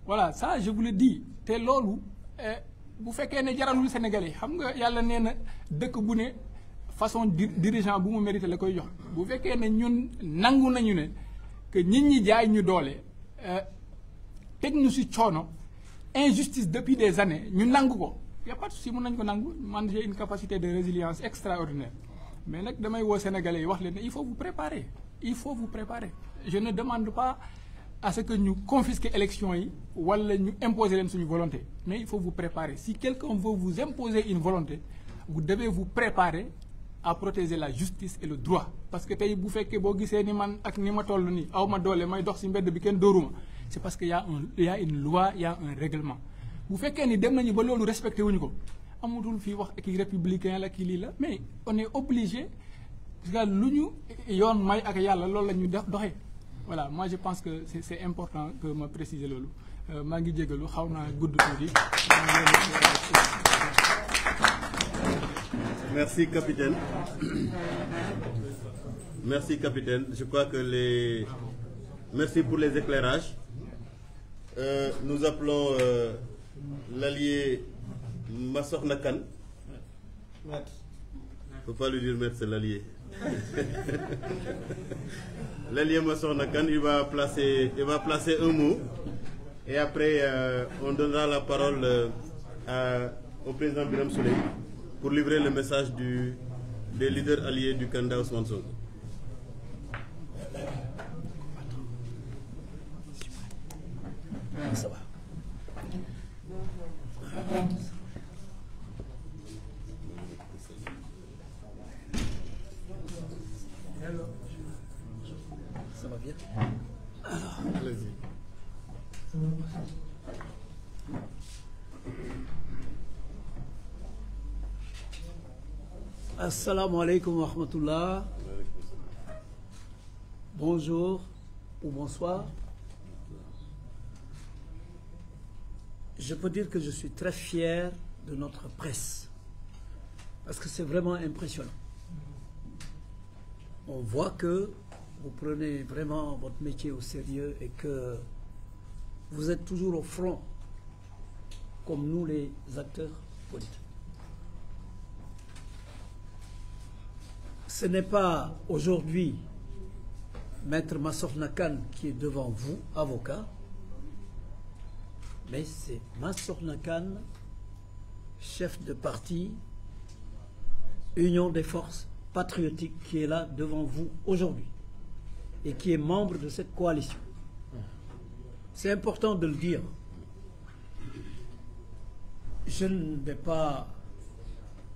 B: voilà ça je vous le te loolu. Euh, bu fekkee ne jaralul Sénégalais xam nga yàlla nee na dëkk bu ne façon dirigeant bu mu mérité la koy jox bu fekkee ne ñun nangu nañu ne que nit ñi jaay ñu doole euh, teg ñu si coono injustice depuis des années ñu nangu ko y a pas de ko nangu man j'ai une capacité de résilience extraordinaire mais nag damay woo sénégalais yi wax leen ne il faut vous préparer il faut vous préparer je ne demande pas parce que ñu confisquer élection yi wala ñu imposer leen suñu volonté mais il faut vous préparer si quelqu'un veut vous imposer une volonté vous devez vous préparer à protéger la justice et le droit parce que tey bu fekkee boo gisee ni man ak ni ma toll ni aw ma doole may dox ci mbedd bi kenn dóoruma c'est parce que y a un y a une loi y a un règlement bu fekkee ni dem nañu ba loolu respecté wuñu ko amatul fi wax kii républicain la kii lii la mais on est obligé lu ñu yoon may ak yàlla loolu la ñu def doxee voilà moi je pense que c'est c'est important que ma préciser loolu euh, maa ngi jégalu xaw naa gudd
A: tuuti. Merci capitaine. Merci capitaine. Je crois que les merci pour les éclairages. Euh, nous appelons euh, l'allié Massokhna pas lui dire maître, c'est [LAUGHS] L'allié Sokhna Kane il va placer il va placer un mot et après euh, on donnera la parole euh, au président Birame Souleye pour livrer le message du des leaders alliés du candidat Ousmane
D: bien. Alors, allez-y. Assalamu alaikum bonsoir. Je peux dire que je suis très fier de notre presse parce que c'est vraiment impressionnant. On voit que vous prenez vraiment votre métier au sérieux et que vous êtes toujours au front, comme nous les acteurs politiques. Ce n'est pas aujourd'hui Maître Massokhna Kane qui est devant vous, avocat, mais c'est Massokhna Kane, chef de parti, Union des forces patriotiques, qui est là devant vous aujourd'hui. et qui est membre de cette coalition. C'est important de le dire. Je ne vais pas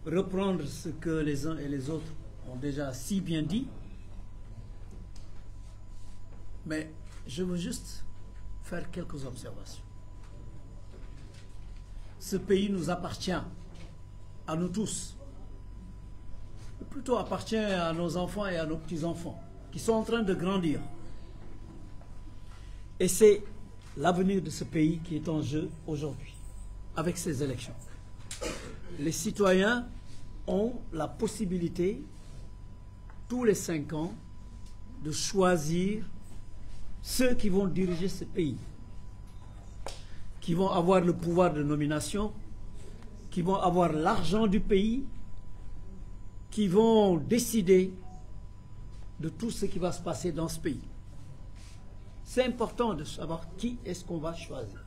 D: reprendre ce que les uns et les autres ont déjà si bien dit, mais je veux juste faire quelques observations. Ce pays nous appartient à nous tous, ou plutôt appartient à nos enfants et à nos petits-enfants. qui sont en train de grandir. Et c'est l'avenir de ce pays qui est en jeu aujourd'hui, avec ces élections. Les citoyens ont la possibilité, tous les cinq ans, de choisir ceux qui vont diriger ce pays, qui vont avoir le pouvoir de nomination, qui vont avoir l'argent du pays, qui vont décider de tout ce qui va se passer dans ce pays. C'est important de savoir qui est-ce qu'on va choisir.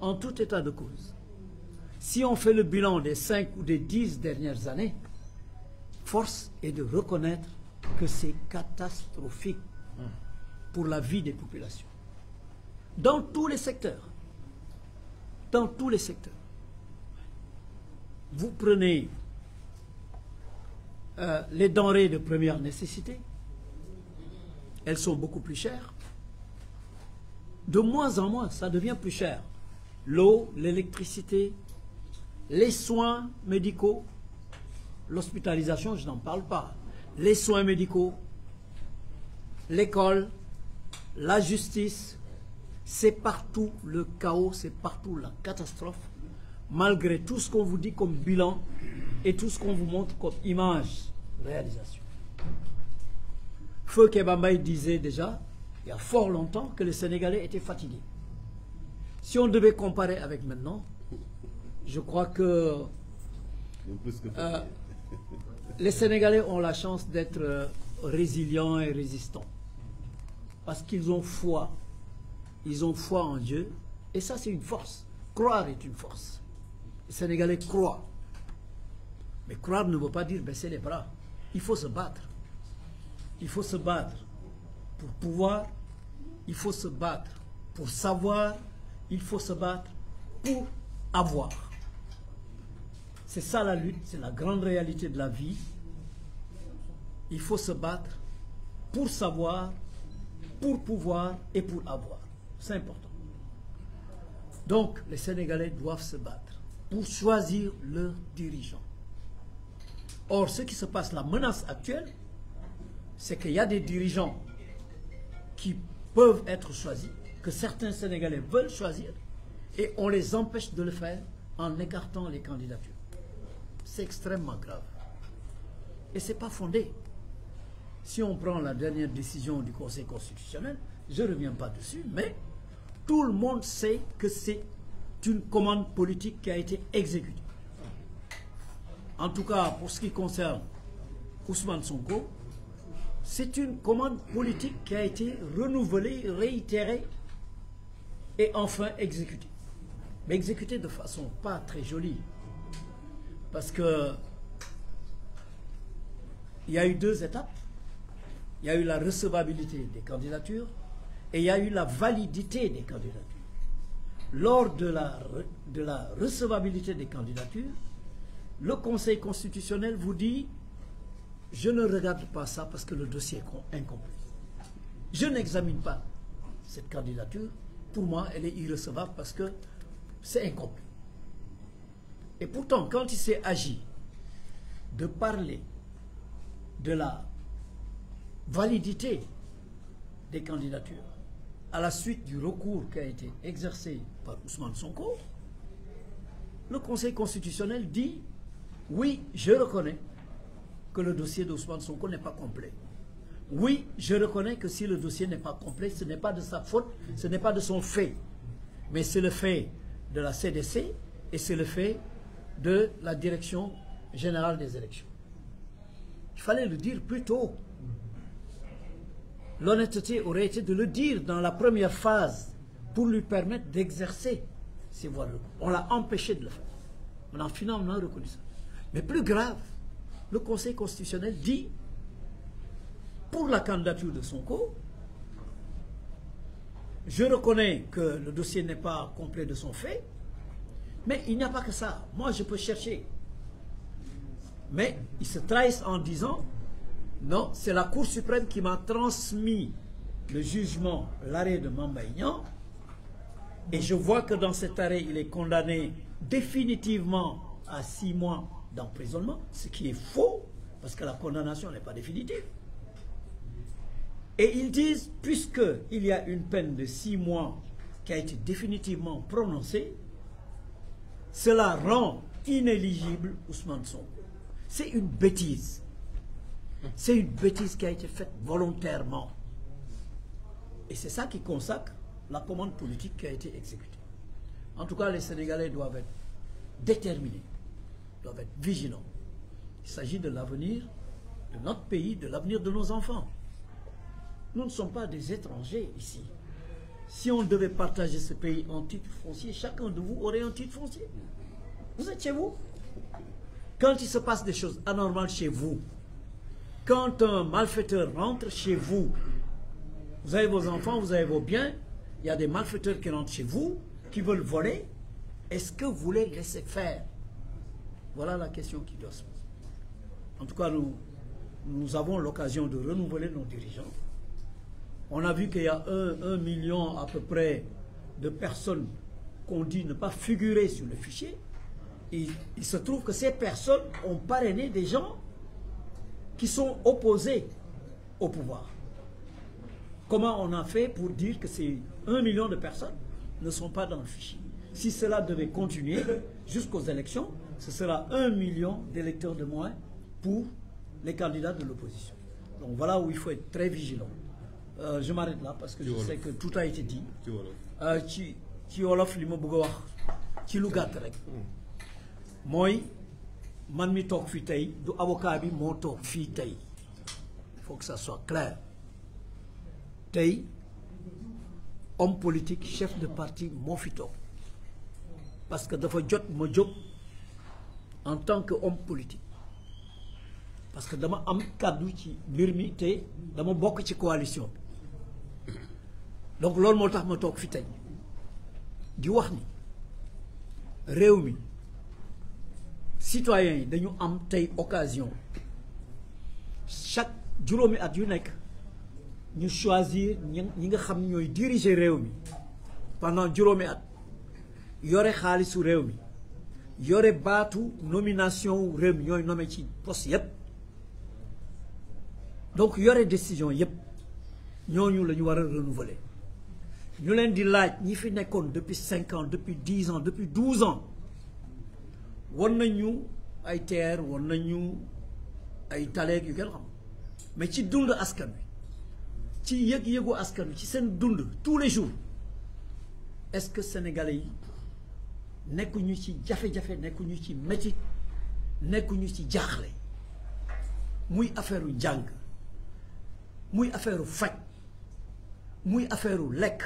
D: En tout état de cause, si on fait le bilan des cinq ou des dix dernières années, force est de reconnaître que c'est catastrophique pour la vie des populations. Dans tous les secteurs. Dans tous les secteurs. Vous prenez euh, les denrées de première nécessité, elles sont beaucoup plus chères. De moins en moins, ça devient plus cher. L'eau, l'électricité, les soins médicaux, l'hospitalisation, je n'en parle pas, les soins médicaux, l'école, la justice, c'est partout le chaos, c'est partout la catastrophe. malgré tout ce qu'on vous dit comme bilan et tout ce qu'on vous montre comme image, réalisation. Feu Kebambaï disait déjà, il y a fort longtemps, que les Sénégalais étaient fatigués. Si on devait comparer avec maintenant, je crois que, euh, les Sénégalais ont la chance d'être euh, résilients et résistants. Parce qu'ils ont foi. ont foi en Dieu. Et ça, c'est une force. Croire est une force. Sénégalais croient. Mais croire ne veut pas dire baisser les bras. Il faut se battre. Il faut se battre pour pouvoir, il faut se battre pour savoir, il faut se battre pour avoir. C'est ça la lutte, c'est la grande réalité de la vie. Il faut se battre pour savoir, pour pouvoir et pour avoir. C'est important. Donc, les Sénégalais doivent se pour choisir leurs dirigeants. Or, ce qui se passe, la menace actuelle, c'est qu'il y a des dirigeants qui peuvent être choisis, que certains Sénégalais veulent choisir, et on les empêche de le faire en écartant les candidatures. C'est extrêmement grave. Et ce n'est pas fondé. Si on prend la dernière décision du Conseil constitutionnel, je ne reviens pas dessus, mais tout le monde sait que c'est une commande politique qui a été exécutée. En tout cas, pour ce qui concerne Ousmane Sonko, c'est une commande politique qui a été renouvelée, réitérée et enfin exécutée. Mais exécutée de façon pas très jolie. Parce que il y a eu deux étapes. Il y a eu la recevabilité des candidatures et il y a eu la validité des candidatures. lors de la, de la recevabilité des candidatures, le Conseil constitutionnel vous dit « je ne regarde pas ça parce que le dossier est incomplet. Je n'examine pas cette candidature. Pour moi, elle est irrecevable parce que c'est incomplet. » Et pourtant, quand il s'est agi de parler de la validité des candidatures, à la suite du recours qui a été exercé par Ousmane Sonko, le Conseil constitutionnel dit « Oui, je reconnais que le dossier d'Ousmane Sonko n'est pas complet. Oui, je reconnais que si le dossier n'est pas complet, ce n'est pas de sa faute, ce n'est pas de son fait. Mais c'est le fait de la CDC et c'est le fait de la Direction générale des élections. Il fallait le dire plus tôt. l'honnêteté aurait été de le dire dans la première phase pour lui permettre d'exercer ses voies de recours. On l'a empêché de le faire. On a finalement reconnu ça. Mais plus grave, le Conseil constitutionnel dit, pour la candidature de Sonko, je reconnais que le dossier n'est pas complet de son fait, mais il n'y a pas que ça. Moi, je peux chercher. Mais ils se trahissent en disant Non, c'est la Cour suprême qui m'a transmis le jugement, l'arrêt de Mambaignan. Et je vois que dans cet arrêt, il est condamné définitivement à six mois d'emprisonnement, ce qui est faux, parce que la condamnation n'est pas définitive. Et ils disent, puisqu'il y a une peine de six mois qui a été définitivement prononcée, cela rend inéligible Ousmane Sonko. C'est une bêtise. C'est une bêtise qui a été faite volontairement. Et c'est ça qui consacre la commande politique qui a été exécutée. En tout cas, les Sénégalais doivent être déterminés, doivent être vigilants. Il s'agit de l'avenir de notre pays, de l'avenir de nos enfants. Nous ne sommes pas des étrangers ici. Si on devait partager ce pays en titre foncier, chacun de vous aurait un titre foncier. Vous êtes chez vous. Quand il se passe des choses anormales chez vous, Quand un malfaiteur rentre chez vous, vous avez vos enfants, vous avez vos biens, il y a des malfaiteurs qui rentrent chez vous, qui veulent voler, est-ce que vous voulez laisser faire Voilà la question qui doit se poser. En tout cas, nous, avons l'occasion de renouveler nos dirigeants. On a vu qu'il y a un, million à peu près de personnes qu'on dit ne pas figurer sur le fichier. Et il se trouve que ces personnes ont parrainé des gens qui sont opposés au pouvoir. Comment on a fait pour dire que ces 1 million de personnes ne sont pas dans le fichier Si cela devait continuer jusqu'aux élections, ce sera 1 million d'électeurs de moins pour les candidats de l'opposition. Donc voilà où il faut être très vigilant. Euh, je m'arrête là parce que je sais que tout a été dit. Euh, ci ci wolof li ma bëgg a wax ci lu gàtt rek hmm. mooy. man mi toog fii tey du avocat bi moo toog fii tey il faut que ça soit clair tey homme politique chef de partie moo fi toog parce que dafa jot ma jóg en tant que homme politique parce que dama am kàddu ci mbir mi tey dama bokk ci coalition bi donc loolu moo tax ma toog fi tey di wax ni réew mi citoyens yi dañu am tey occasion chaque juróomi at yu nekk ñu choisir ñi nga xam ñooy diriger réew mi pendant juróomi at yore xaalisu réew mi yore baatu nomination réew mi ñooy nommé ci poste yépp donc yore décision yépp ñooñu la ñu war a renouveler ñu leen di laaj ñi fi nekkoon depuis cinq ans depuis dix ans depuis douze ans won nañ ñu ay terre won nañu ay taleeg yu kenn xam mais ci dund askan wi ci yëg-yëgu askan wi ci seen dund tous les jours est-ce que sénégalais yi nekkuñu ci jafe-jafe nekkuñu ci métit nekkuñu ci jaaxle muy affaire u jàng muy affaire u faj muy affaire u lekk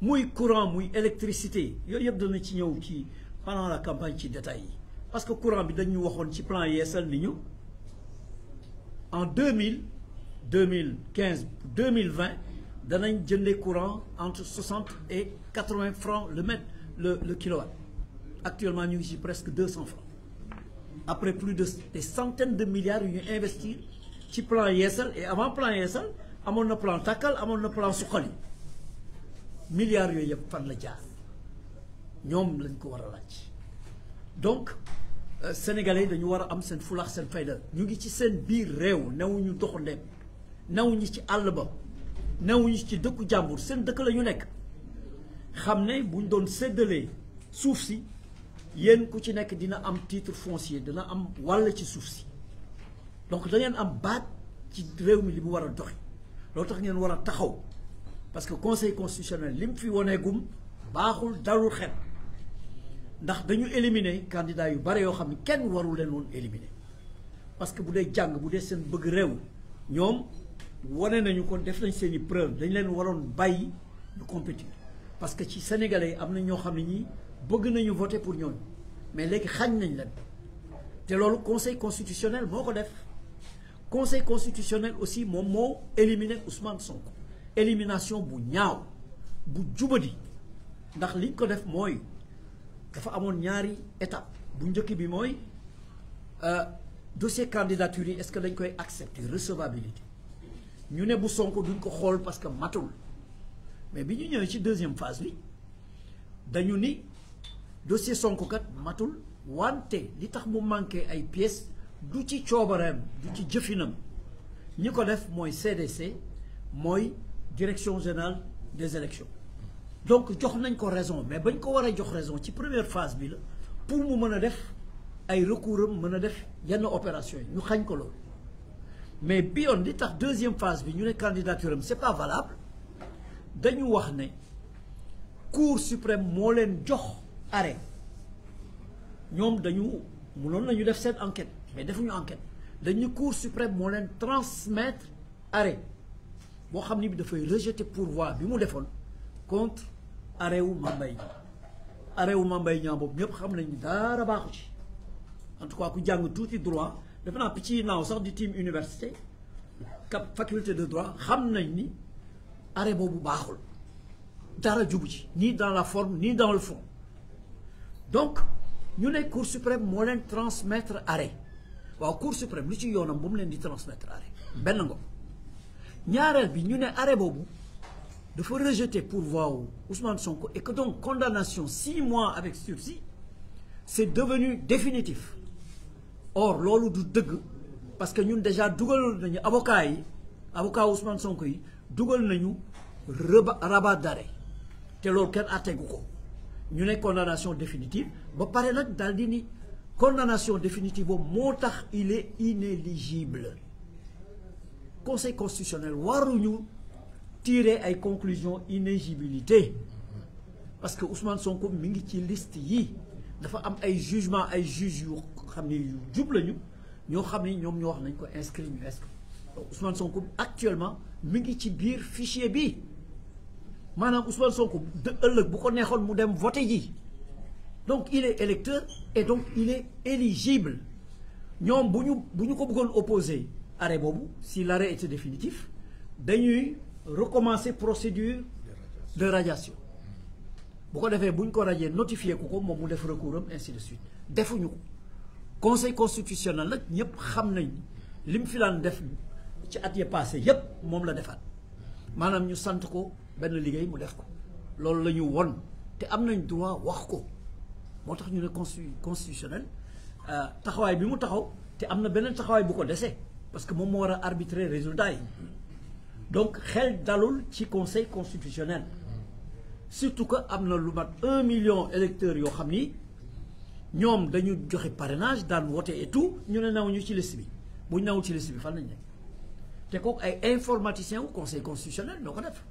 D: muy courant muy électricité yooyu yëpp dana ci ñëw ci pendant la campagne ci détail yi parce que courant bi dañu waxoon ci plan yeesal ni ñu en deux mille deux mille quinze deux mille vingt danañ jëndee courant entre soixante et quatre vingt francs le mètre le le kilowatt actuellement ñu ngi ci presque deux cent francs après plus de des centaines de milliards yu ñu investir ci plan yeesal et avant plan yeesal amoon na plan takkal amoon na plan suqali milliards yooyu yëpp fan la jaar. ñoom lañ ko war a laaj donc euh, sénégalais dañu war a am seen fulaax seen fayda ñu ngi ci seen biir réew newuñu doxandeem newuñu ci àll ba newuñu ci dëkku jàmbur seen dëkk lañu nekk xam ne buñ doon séddalee suuf si yéen ku ci nekk dina am titre foncier dina am wàll ci suuf si donc da ngeen am baat ci réew mi li mu war a doxi loo tax ngeen war a taxaw parce que conseil constitutionnel li mu fi woneegum baaxul dalul xet ndax dañu éliminer candidat yu bare yoo xam ne kenn warul leen woon éliminer parce que bu dee jàng bu dee seen bëgg réew ñoom wane nañu kon def nañ seen i preuve dañ leen waroon bàyyi ñu compétir parce que ci sénégalais yi am na ñoo xam ne ñi bëgg nañu voter pour ñooñu mais léegi xañ nañ leen te loolu conseil constitutionnel moo ko def conseil constitutionnel aussi moom moo éliminer Ousmane Sonko élimination bu ñaaw bu jubadi ndax liñ ko def mooy dafa amoon ñaari étape bu njëkk bi mooy euh, dossier candidature yi est-ce que dañ koy accepter recevabilité ñu ne bu sonk duñ ko xool parce que matul mais bi ñu ñëwee ci deuxième phase bi dañu ni dossier Sonko kat matul wante li tax mu manqué ay pièces du ci coobareem du ci jëfinam ñi ko def mooy CDC mooy direction générale des élections donc jox nañ ko raison mais bañ ko war a jox raison ci première phase bi la pour mu mën a def ay recours mu mën a def yenn opération yi ñu xañ ko loolu mais bi yoon li tax deuxième phase bi ñu ne candidature am c'est pas valable dañu wax ne cour suprême moo leen jox arrêt ñoom dañu mënoon nañu def seen enquête mais defuñu enquête dañu cour suprême moo leen transmettre arrêt boo xam ni bi dafay rejeter pourvoi bi mu defoon contre arewu mambay arewu mambay ñaa boobu ñëpp xam nañ dara baaxu ci en tout cas ku jàng tuuti droit defe naa picc yi naaw sax di team université cap faculté de droit xam nañ ni arrêt boobu baaxul dara jubu ci ni dans la forme ni dans le fond donc ñu ne cour suprême moo leen transmettre arrêt waaw cour suprême lu ci yoonam bu mu leen di transmettre arrêt benn ngo ñaareel bi ñu ne arrêt boobu dafa rejeter pour wu Ousmane Sonko e que donc condamnation six mois avec sursis c'est devenu définitif or loolu du dëgg parce que ñun déjà dugal nañu avocat yi avocat Ousmane Sonko yi dugal nañu rabat d'arrêt te loolu kenn attegu ko ñu ne condamnation définitive ba pare nag daal ni condamnation définitive boobu moo tax il est inéligible conseil constitutionnel waruñu tirer ay conclusion inéligibilité parce que Ousmane Sonko mi ngi ci liste yi dafa am ay jugement ay juge yu xam ne yu jub lañu ñoo xam ne ñoom ñoo wax nañ ko inscrit ñu est Ousmane Sonko actuellement mi ngi ci biir fichier bi maanaam Ousmane Sonko de ëllëg bu ko neexoon mu dem voté ji donc il est électeur et donc il est éligible ñoom bu ñu bu ñu ko buggoon opposé arrêt boobu si l'arrêt était définitif dañuy recommencer procédure de radiation bu ko defee bu ñu ko rajee notifier ku ko moom mu def recours am ainsi de suite defuñu ko conseil constitutionnel nag ñëpp xam nañ li mu fi daan def ci at ya passé yëpp moom la defaat maanaam ñu sant ko benn liggéey mu def ko loolu la ñu won te am nañ droit wax ko moo tax ñu ne constitutionnel euh, taxawaay bi mu taxaw te am na beneen taxawaay bu ko desee parce que moom moo war a arbitrer résultat yi donc xel dalul ci conseil constitutionnel surtout que am na lu mat un million électeurs yoo xam ni ñoom dañu joxe parrainage daan wote et ñu ne naw ñu ci liste bi bu ñu nawul ci liste bi fan nañ nekk te kooku ay informaticien wu conseil constitutionnel ñoo ko def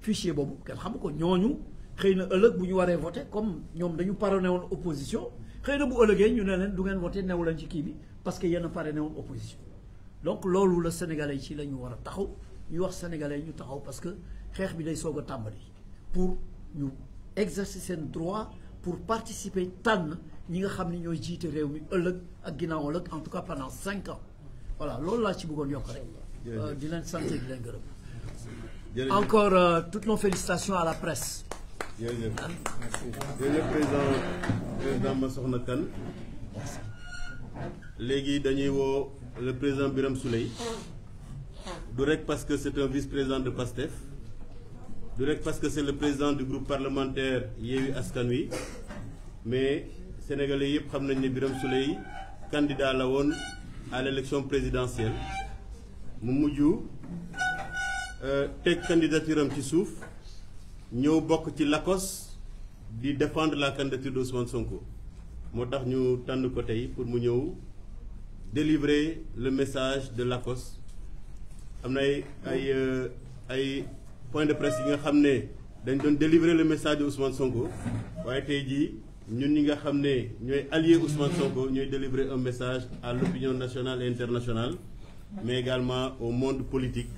D: fichier boobu kenn xamu ko ñooñu xëy na ëllëg bu ñu waree voté comme ñoom dañu parrainé woon opposition xëy na bu ëllëgee ñu ne leen du ngeen voté new leen ci kii bi parce que yenn a parrainé woon donc loolu la sénégalais ci la ñu war a taxaw ñu wax sénégalais ñu taxaw parce que xeex bi day soog a tàmbali pour ñu exercer seen droit pour participer tànn ñi nga xam ni ñooy jiite réew mi ëllëg ak ginnaaw ëllëg en tout cas pendant cinq ans voilà loolu laa ci bëggoon yokk rek euh, di leen sant di leen gërëm encore euh, toutes nos félicitations à la presse jërëjëf jërëjëf président
A: président Massokhna léegi dañuy woo le président Birame Souleye du rek parce que c'est un vice-président de PASTEF du rek parce que c'est le président du groupe parlementaire Yewwi Askan Wi mais sénégalais yëpp xam nañ ne Birame Souleye candidat la woon à l'élection présidentielle mu mujj euh, teg candidature am ci suuf ñëw bokk ci lakos di défendre la candidature d'Ousmane Sonko moo tax ñu tànn ko tey pour mu ñëw délivrer le message de lakos am na ay euh, ay point de presse yi nga xam ne dañ doon délivrer le message de Ousmane Sonko waaye tey jii ñun ñi nga xam ne ñooy allié Ousmane Sonko ñooy délivrer un message à l'opinion nationale et internationale mais également au monde politique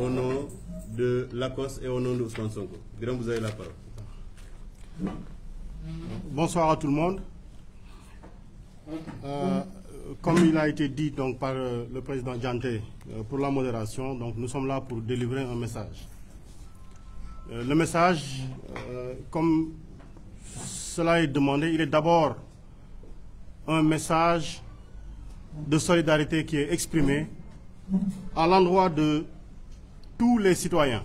A: au nom de l'ACOS et au nom de Ousmane Sonko. Biram, vous avez la parole. Bonsoir à tout le monde. Euh, comme il dit donc par euh, le président Dianté Euh, pour la modération. Donc nous sommes là pour délivrer un message. Euh, le message, euh, comme cela est demandé, il est d'abord un message de solidarité qui est exprimé à l'endroit de tous les citoyens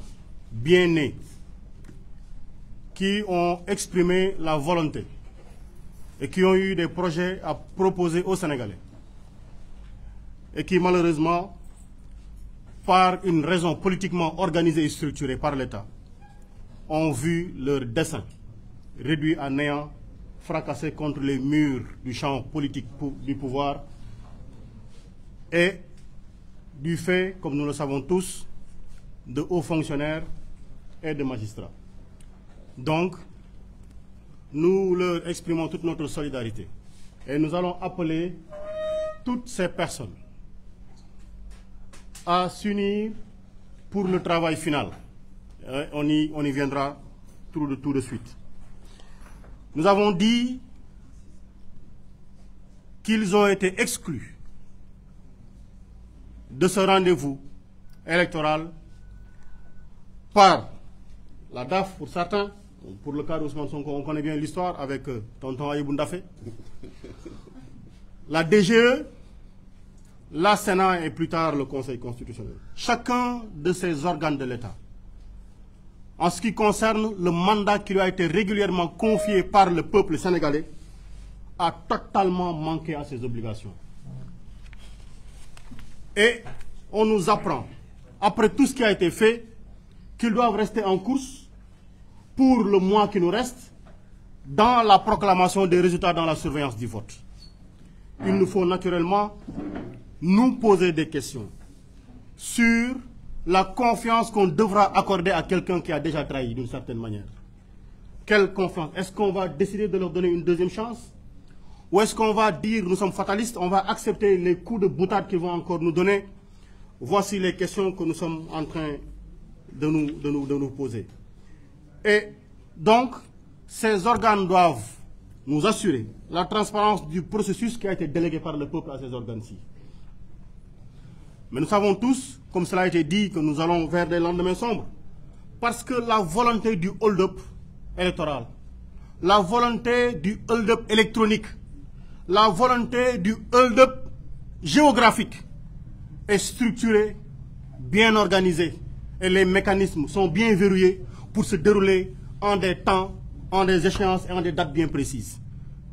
A: bien nés qui ont exprimé la volonté et qui ont eu des projets à proposer aux Sénégalais et qui malheureusement par une raison politiquement organisée et structurée par l'État, ont vu leur dessein réduit à néant, fracassé contre les murs du champ politique du pouvoir et du fait, comme nous le savons tous, de hauts fonctionnaires et de magistrats. Donc, nous leur exprimons toute notre solidarité et nous allons appeler toutes ces personnes à s'unir pour le travail final. Euh, on, y, on y viendra tout de, tout de suite. Nous avons dit qu'ils ont été exclus de ce rendez-vous électoral par la DAF pour certains, pour le cas d'Ousmane Sonko, on connaît bien l'histoire avec euh, tonton Aïbou Ndafé, la DGE la Sénat et plus tard le Conseil constitutionnel. Chacun de ces organes de l'État, en ce qui concerne le mandat qui lui a été régulièrement confié par le peuple sénégalais, a totalement manqué à ses obligations. Et on nous apprend, après tout ce qui a été fait, qu'ils doivent rester en course pour le mois qui nous reste dans la proclamation des résultats dans la surveillance du vote. Il nous faut naturellement nous poser des questions sur la confiance qu'on devra accorder à quelqu'un qui a déjà trahi d'une certaine manière. Quelle confiance Est-ce qu'on va décider de leur donner une deuxième chance Ou est-ce qu'on va dire nous sommes fatalistes, on va accepter les coups de boutade qu'ils vont encore nous donner Voici les questions que nous sommes en train de nous, de nous, de nous poser. Et donc, ces organes doivent nous assurer la transparence du processus qui a été délégué Mais nous savons tous, comme cela a été dit, que nous allons vers des lendemains sombres. Parce que la volonté du hold-up électoral, la volonté du hold-up électronique, la volonté du hold-up géographique est structurée, bien organisée. Et les mécanismes sont bien verrouillés pour se dérouler en des temps, en des échéances et en des dates bien précises.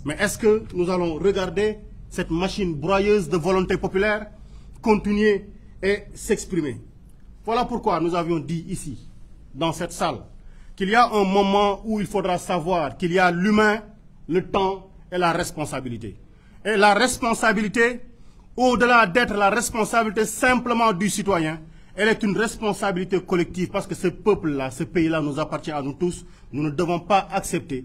A: Mais est-ce que nous allons regarder cette machine broyeuse de volonté populaire continuer et s'exprimer. Voilà pourquoi nous avions dit ici, dans cette salle, qu'il y a un moment où il faudra savoir qu'il y a l'humain, le temps et la responsabilité. Et la responsabilité, au-delà d'être la responsabilité simplement du citoyen, elle est une responsabilité collective parce que ce peuple-là, ce pays-là nous appartient à nous tous. Nous ne devons pas accepter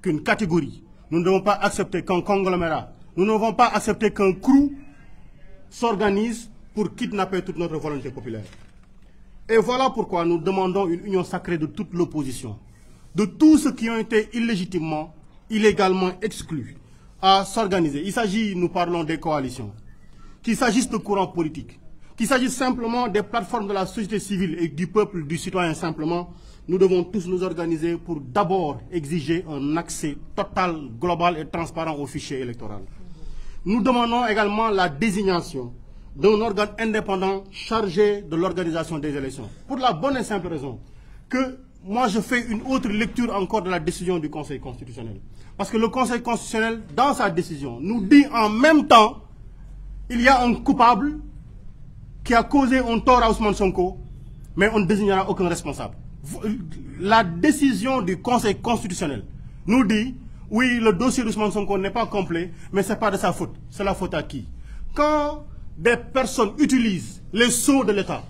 A: qu'une catégorie, nous ne devons pas accepter qu'un conglomérat, nous ne devons sorganise pour kidnapper toute notre volonté populaire. Et voilà pourquoi nous demandons une union sacrée de toute l'opposition, de tout ceux qui ont été illégitimement, illégalement exclus, à s'organiser. Il s'agit, nous parlons des coalitions, qu'il s'agisse de courant politique qu'il s'agisse simplement des plateformes de la société civile et du peuple, du citoyen simplement, nous devons tous nous organiser pour d'abord exiger un accès total, global et transparent au fichier électoral. Nous demandons également la désignation d'un organe indépendant chargé de l'organisation des élections. Pour la bonne et simple raison que moi je fais une autre lecture encore de la décision du Conseil constitutionnel. Parce que le Conseil constitutionnel, dans sa décision, nous dit en même temps, il y a un coupable qui a causé un tort à Ousmane mais on ne désignera aucun responsable. La décision du Conseil constitutionnel nous dit oui le dossier d'Ousmane Sonko n'est pas complet mais c'est pas de sa faute c'est la faute à qui quand des personnes utilisent les sceaux de l'État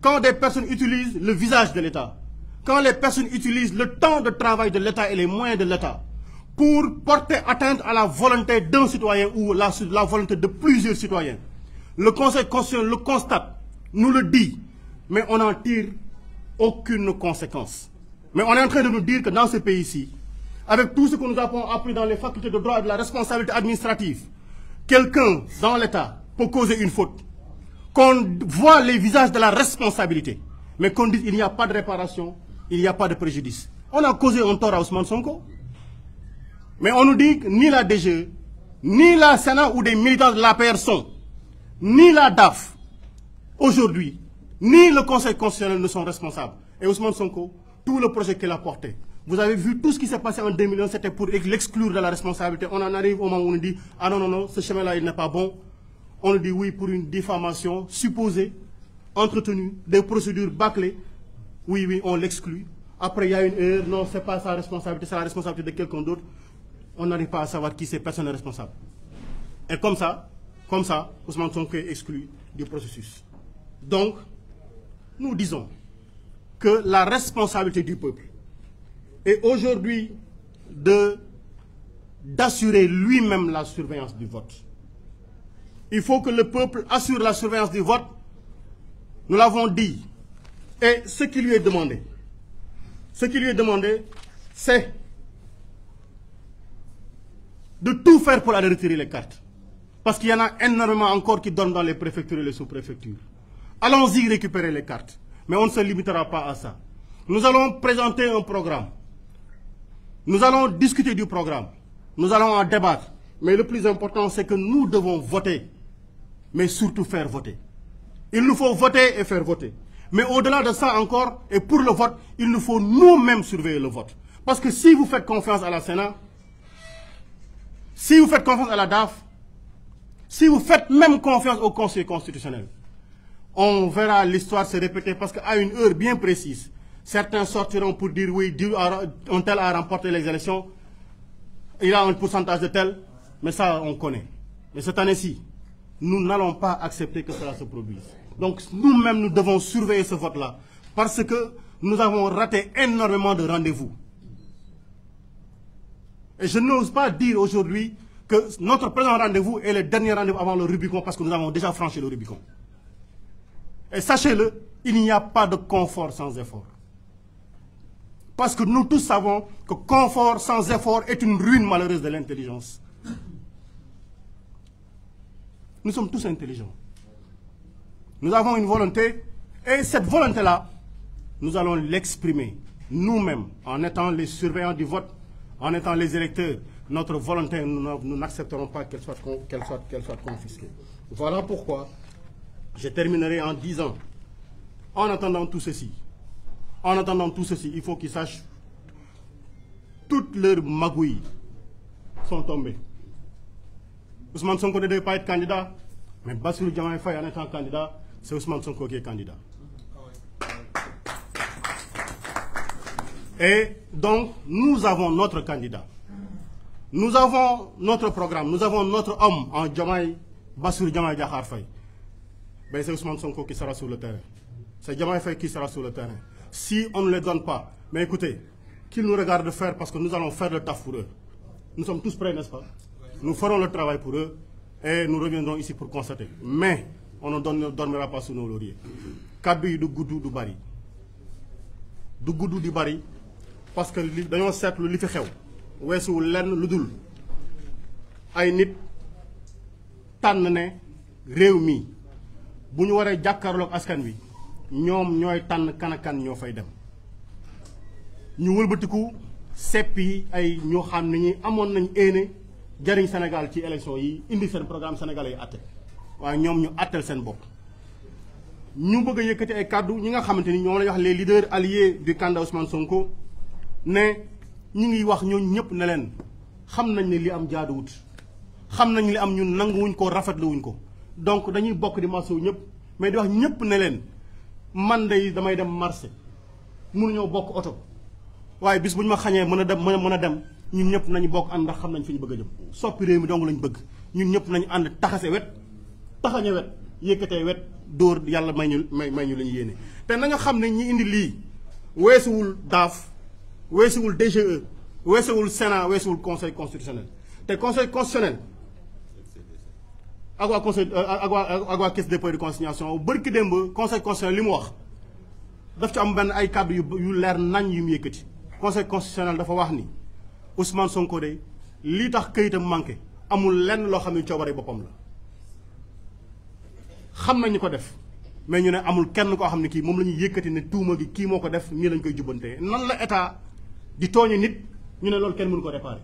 A: quand des personnes utilisent le visage de l'État quand les personnes utilisent le temps de travail de l'État et les moyens de l'État pour porter atteinte à la volonté d'un citoyen ou la, la volonté de plusieurs citoyens le Conseil le constate nous le dit mais on n'en tire aucune conséquence mais on est en train de nous dire avec tout ce que nous avons appris dans les facultés de droit et de la responsabilité administrative, quelqu'un dans l'État peut causer une faute. Qu'on voit les visages de la responsabilité, mais qu'on dise qu'il n'y a pas de réparation, il n'y a pas de préjudice. On a causé un tort à Ousmane Sonko. Mais on nous dit ni la DGE, ni la Sénat ou des militants la l'APR sont, ni la DAF, aujourd'hui, ni le Conseil constitutionnel ne sont responsables. Et Ousmane Sonko, tout le projet qu'il a porté, Vous avez vu tout ce qui s'est passé en 2011, c'était pour l'exclure de la responsabilité. On en arrive au moment où on dit « Ah non, non, non, ce chemin-là, il n'est pas bon. » On dit pour une diffamation supposée, entretenue, des procédures bâclées. Oui, on l'exclut. Après, il y a une erreur. Non, ce n'est pas sa responsabilité, c'est la responsabilité de quelqu'un d'autre. On n'arrive pas à savoir qui c'est, personne responsable. Et comme ça, comme ça, Ousmane Sonko est exclu du processus. Donc, la responsabilité du et aujourd'hui de d'assurer lui-même la surveillance du vote. Il faut que le peuple assure la surveillance du vote. Nous l'avons dit. Et ce qui lui est demandé, ce qui lui est demandé, c'est de tout faire pour aller retirer les cartes. Parce qu'il y en a énormément encore qui dorment dans les préfectures et les sous-préfectures. Allons-y récupérer les cartes. Mais on ne se limitera pas à ça. Nous allons présenter un programme Nous allons discuter du programme, nous allons en débattre, mais le plus important, c'est que nous devons voter, mais surtout faire voter. Il nous faut voter et faire voter. Mais au-delà de ça encore, et pour le vote, il nous faut nous-mêmes surveiller le vote. Parce que si vous faites confiance à la Sénat, si vous faites confiance à la DAF, si vous faites même confiance au Conseil constitutionnel, on verra l'histoire se répéter parce qu'à une heure bien précise, Certains sortiront pour dire oui, un tel a remporté les élections, il a un pourcentage de tel, mais ça on connaît. Mais cette année-ci, nous n'allons pas accepter que cela se produise. Donc nous-mêmes, nous devons surveiller ce vote-là, parce que nous avons raté énormément de rendez-vous. Et je n'ose pas dire aujourd'hui que notre présent rendez-vous est le dernier rendez-vous avant le Rubicon, parce que nous avons déjà franchi le Rubicon. Et sachez pas de confort sans effort. Parce que nous tous savons que confort sans effort est une ruine malheureuse de l'intelligence. Nous sommes tous intelligents. Nous avons une volonté et cette volonté-là, nous allons l'exprimer nous-mêmes en étant les surveillants du vote, en étant les électeurs. Notre volonté, nous n'accepterons pas qu'elle soit, qu'elle Voilà pourquoi je terminerai en disant, en attendant tout ceci, En attendant tout ceci, il faut qu'ils sachent toutes leurs magouilles sont tombées. Ousmane Sonko ne devait pas être candidat, mais Bassirou Diomaye Faye en étant candidat, c'est Ousmane Sonko qui est candidat. Et donc, nous avons notre candidat. Nous avons notre programme, nous avons notre homme en Diomaye, Bassirou Diomaye Diakhar Faye. Ben c'est Ousmane Sonko qui sera sur le terrain. C'est Diomaye Faye qui sera sur le terrain. si on ne les donne pas. Mais écoutez, qu'ils nous regardent faire parce que nous allons faire le taf pour eux. Nous sommes tous prêts, n'est-ce pas Nous ferons pour eux et nous reviendrons ici pour constater. Mais on ne, donne, ne dormira pas sous nos yi du gudd du bari du gudd di bari parce que li dañoo seetlu li fi xew weesuwul lenn lu dul ay nit tànn ne réew mi bu ñu waree jàkkaarloog askan bi ñoom ñooy tànn kan ñoo fay dem ñu wëlbatiku yi ay ñoo xam ne ñi amoon nañ éene jariñ senegal ci élection yi indi seen programme sénégalais yi àtte waaye ñoom ñu àttal seen bopp ñu bëgg a yëkkati ay kàddu ñi nga xamante ni ñoom lay wax les leaders alliés di candidat Ousmane Sonko ne ñu ngi wax ñooñu ñëpp ne leen xam nañ ne li am jaaduwut xam nañ li am ñun nanguwuñ ko rafetluwuñ ko donc dañuy bokk di masu ñëpp mais di wax ñëpp ne leen man day damay dem marché mënuñoo bokk oto waaye bis bu ñu ma xañee mën a dem mën a dem ñun ñëpp nañu bokk ànd ndax xam nañ fi ñu bëgg a jëm soppi réew mi dong lañu bëgg ñun ñëpp nañu ànd taxase wet taxañe wet yëkkatee wet dóor yàlla may ñu may may ñu lañu ñu yéene te na nga xam ne ñi indi lii weesuwul daaf weesuwul DGE weesuwul Sénat weesuwul conseil constitutionnel te conseil constitutionnel ak waa conseil euh, ak waa ak waa caisse dépôt de consignation bari démb conseil constitutionnel li mu wax daf ci am benn ay kàddu yu yu leer nañ yu mu yëkkati conseil constitutionnel dafa wax ni Ousmane Sonko de lii tax këyitam manqué amul lenn loo xam ne coobare boppam la xam nañ ñu ko def mais ñu ne amul kenn koo xam ne kii moom la ñuy yëkkati ne tuuma gi kii moo ko def nii lañ koy jubbantee nan la état di tooñe nit ñu ne loolu kenn mënu ko réparer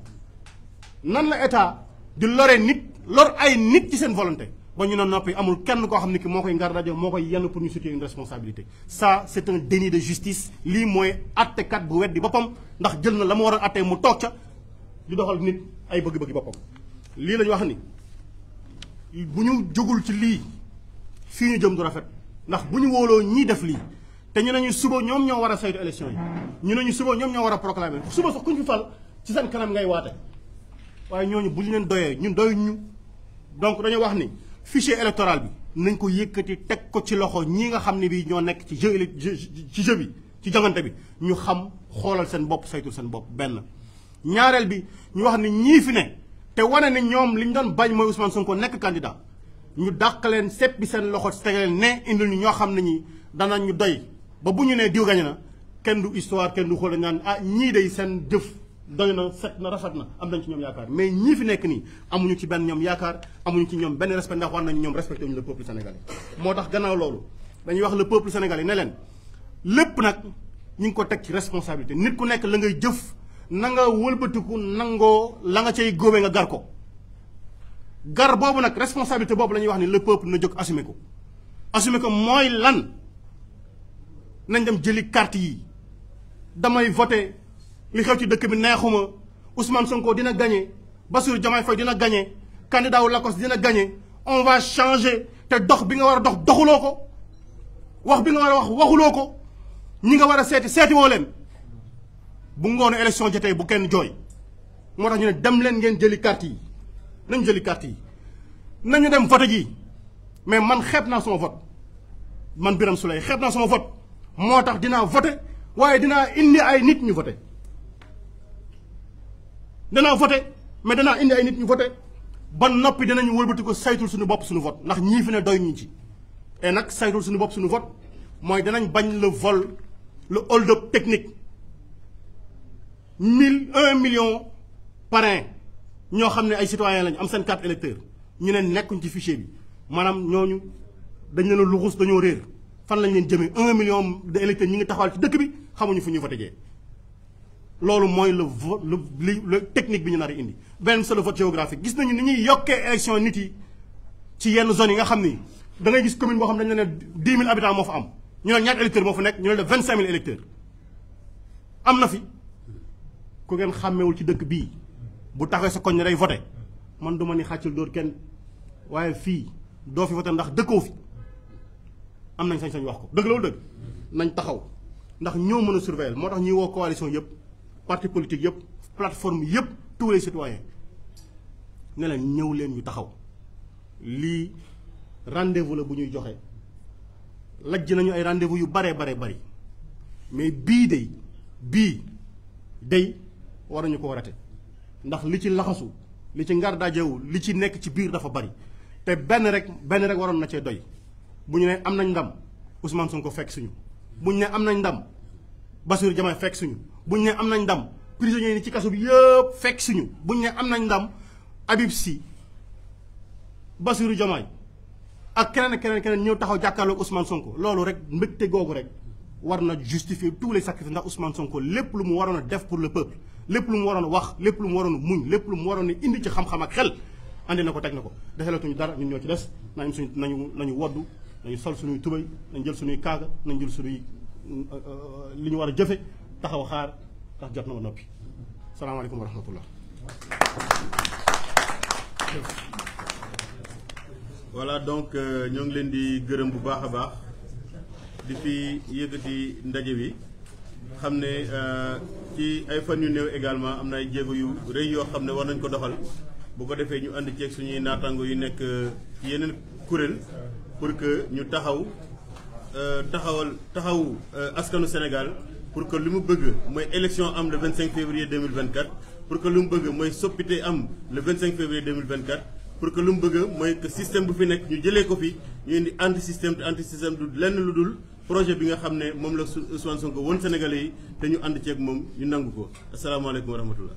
A: nan la état di lore nit lor ay nit ci seen volonté ba ñu ne noppi amul kenn koo xam ne ki moo koy ngar rajo moo koy yenn pour ñu situer une responsabilité ça c'est un déni de justice lii mooy attekat bu weddi boppam ndax jël na la mu war a attee mu toog ca di doxal nit ay bëgg-bëggi boppam lii la wax ni bu ñu jógul ci lii fii ñu jëm du rafet ndax bu ñu wooloo ñii def lii te ñu nañu suba ñoom ñoo war a saytu élection yi ñu nañu suba ñoom ñoo war a proclamer suba sax ku ñu fal ci seen kanam ngay waate waaye ñooñu bu ñu leen doyee ñun doyuñu ñu donc dañoo wax ni fichier électoral bi nañ ko yëkkati teg ko ci loxo ñi nga xam ne bii ñoo nekk ci jeu ci jeu bi ci jongante bi ñu xam xoolal seen bopp saytul seen bopp benn. ñaareel bi ñu wax ni ñii fi ne te wane ni ñoom li ñu doon bañ mooy Ousmane Sonko nekk candidat ñu dàq leen seppi seen loxo tegal leen ne indil ñu ñoo xam ne ñi danañ ñu doy ba bu ñu nee diw gañ na kenn du histoire kenn du xool naan ah ñii day seen jëf. doy na set na rafet na am nañ ci ñoom yaakaar mais ñii fi nekk nii amuñu ci benn ñoom yaakaar amuñu ci ñoom benn respect ndax war nañ ñoom respecté wuñu le peuple sénégalais. moo tax gannaaw loolu dañuy wax le peuple sénégalais ne leen lépp nag ñu ngi ko teg ci responsabilité nit ku nekk la ngay jëf nanga nga wëlbatiku nangoo la nga cay góobee nga gar ko. gar boobu nag responsabilité boobu la ñuy wax ni le peuple na jóg assumé ko assumé ko mooy lan nañ dem jëli carte yi damay voté. li xew ci dëkk bi neexuma Ousmane Sonko dina gagné Bassirou Diomaye Faye dina gañe candidat wu Lacoste dina gagné on va changer te dox bi nga war a dox doxuloo ko wax bi nga war a wax waxuloo ko ñi nga war a seeti seeti woo leen bu ngoonu élection jotee bu kenn jooy moo tax ñu ne dem leen ngeen jëli carte yi nañ jëli carte yi nañu dem vote ji mais man xeeb naa sama vote man Birame Souleye xeeb naa sama vote moo tax dinaa vote waaye dinaa indi ay nit ñu vote danaa voté mais danaa indi ay nit ñu voté ba noppi danañu wëlbati ko saytul suñu bopp suñu vote ndax ñii fi ne doy ñu ci et nag saytul suñu bopp suñu vote mooy danañ bañ le vol le hold up technique mille un million parrain ñoo xam ne ay citoyen lañu am seen carte électeur ñu ne nekkuñ ci fichier bi maanaam ñooñu dañ leen a luxus dañoo réer fan lañ leen jëmee un million de électeurs ñu ngi taxawal ci dëkk bi xamuñu fu ñuy voté jee loolu mooy le vote le technique bi ñu nar a indi beneen c'est le vote géographique gis nañu ni ñuy yokkee élection nit yi ci yenn zone yi nga xam ni da ngay gis commune boo xam ne dañu ne dix mille habitants moo fa am ñu ne ñaata électeurs moo fa nekk ñu ne vingt cinq mille électeurs am na fi ku ngeen xàmmewul ci dëkk bii bu taxawee sa koñ ne vote voté man duma ni xàccul dóor kenn waaye fii doo fi voté ndax dëkkoo fi am nañ sañ-sañ wax ko dëgg loolu dëgg nañ taxaw ndax ñoo mën a moo tax ñuy woo coalition yëpp parti politique yëpp plateforme yëpp tous les citoyens ne leen ñëw leen ñu taxaw lii rendez la bu ñuy joxe lajj nañu ay rendez yu bare bare bari mais bii day bii day war nañu ko rate ndax li ci laxasu li ci ngar daajewu li ci nekk ci biir dafa bari te benn rek benn rek waroon na cee doy bu ñu ne am nañ ndam Ousmane ko fekk suñu bu ñu ne am nañ ndam Bassirou Diomaye fekk suñu bu buñ ne am nañ ndam prisonniers yi ci kaso bi yëpp fekk suñu bu buñ ne am nañ ndam Habib Sy Bassirou Diomaye ak keneen keneen keneen ñëw taxaw jàkkaarloog Ousmane Sonko loolu rek mbégte googu rek war na justifier tous les sacrifices ndax Ousmane Sonko lépp lu mu waroon a def pour le peuple lépp lu mu waroon a wax lépp lu mu waroon a muñ lépp lu mu waroon a indi ci xam-xam ak xel andi na ko teg na ko desalatuñu dara ñun ñoo ci des nañu suñu nañu nañu woddu nañu sol suñuy tubay nañ jël suñuy kaaga nañ jël suñuy li ñu war a jëfe taxaw xaar ndax jot na ma noppi salaamaaleykum wa rahmatullah voilà donc euh, ñoo ngi leen di gërëm bu baax a baax di fi yëkkati ndaje wi xam ne euh, ci ay fan yu néew également am na ay jéego yu rëy yoo xam ne war nañ ko doxal bu ko defee ñu ànd ceeg suñuy naataango yu nekk yeneen kuréel pour que ñu taxaw Euh, taxawal taxawu euh, askanu Sénégal pour que li mu bëgg mooy élection am le 25 février 2024 pour que li mu bëgg mooy soppite am le 25 février 2024 pour que lu mu bëgg mooy que système bu fi nekk ñu jëlee ko fi ñu indi anti système te anti système du lenn lu dul projet bi nga xam ne moom la Ousmane Sonko woon Sénégalais yi te ñu ànd ceeg moom ñu nangu ko asalaamaaleykum wa rahmatullah.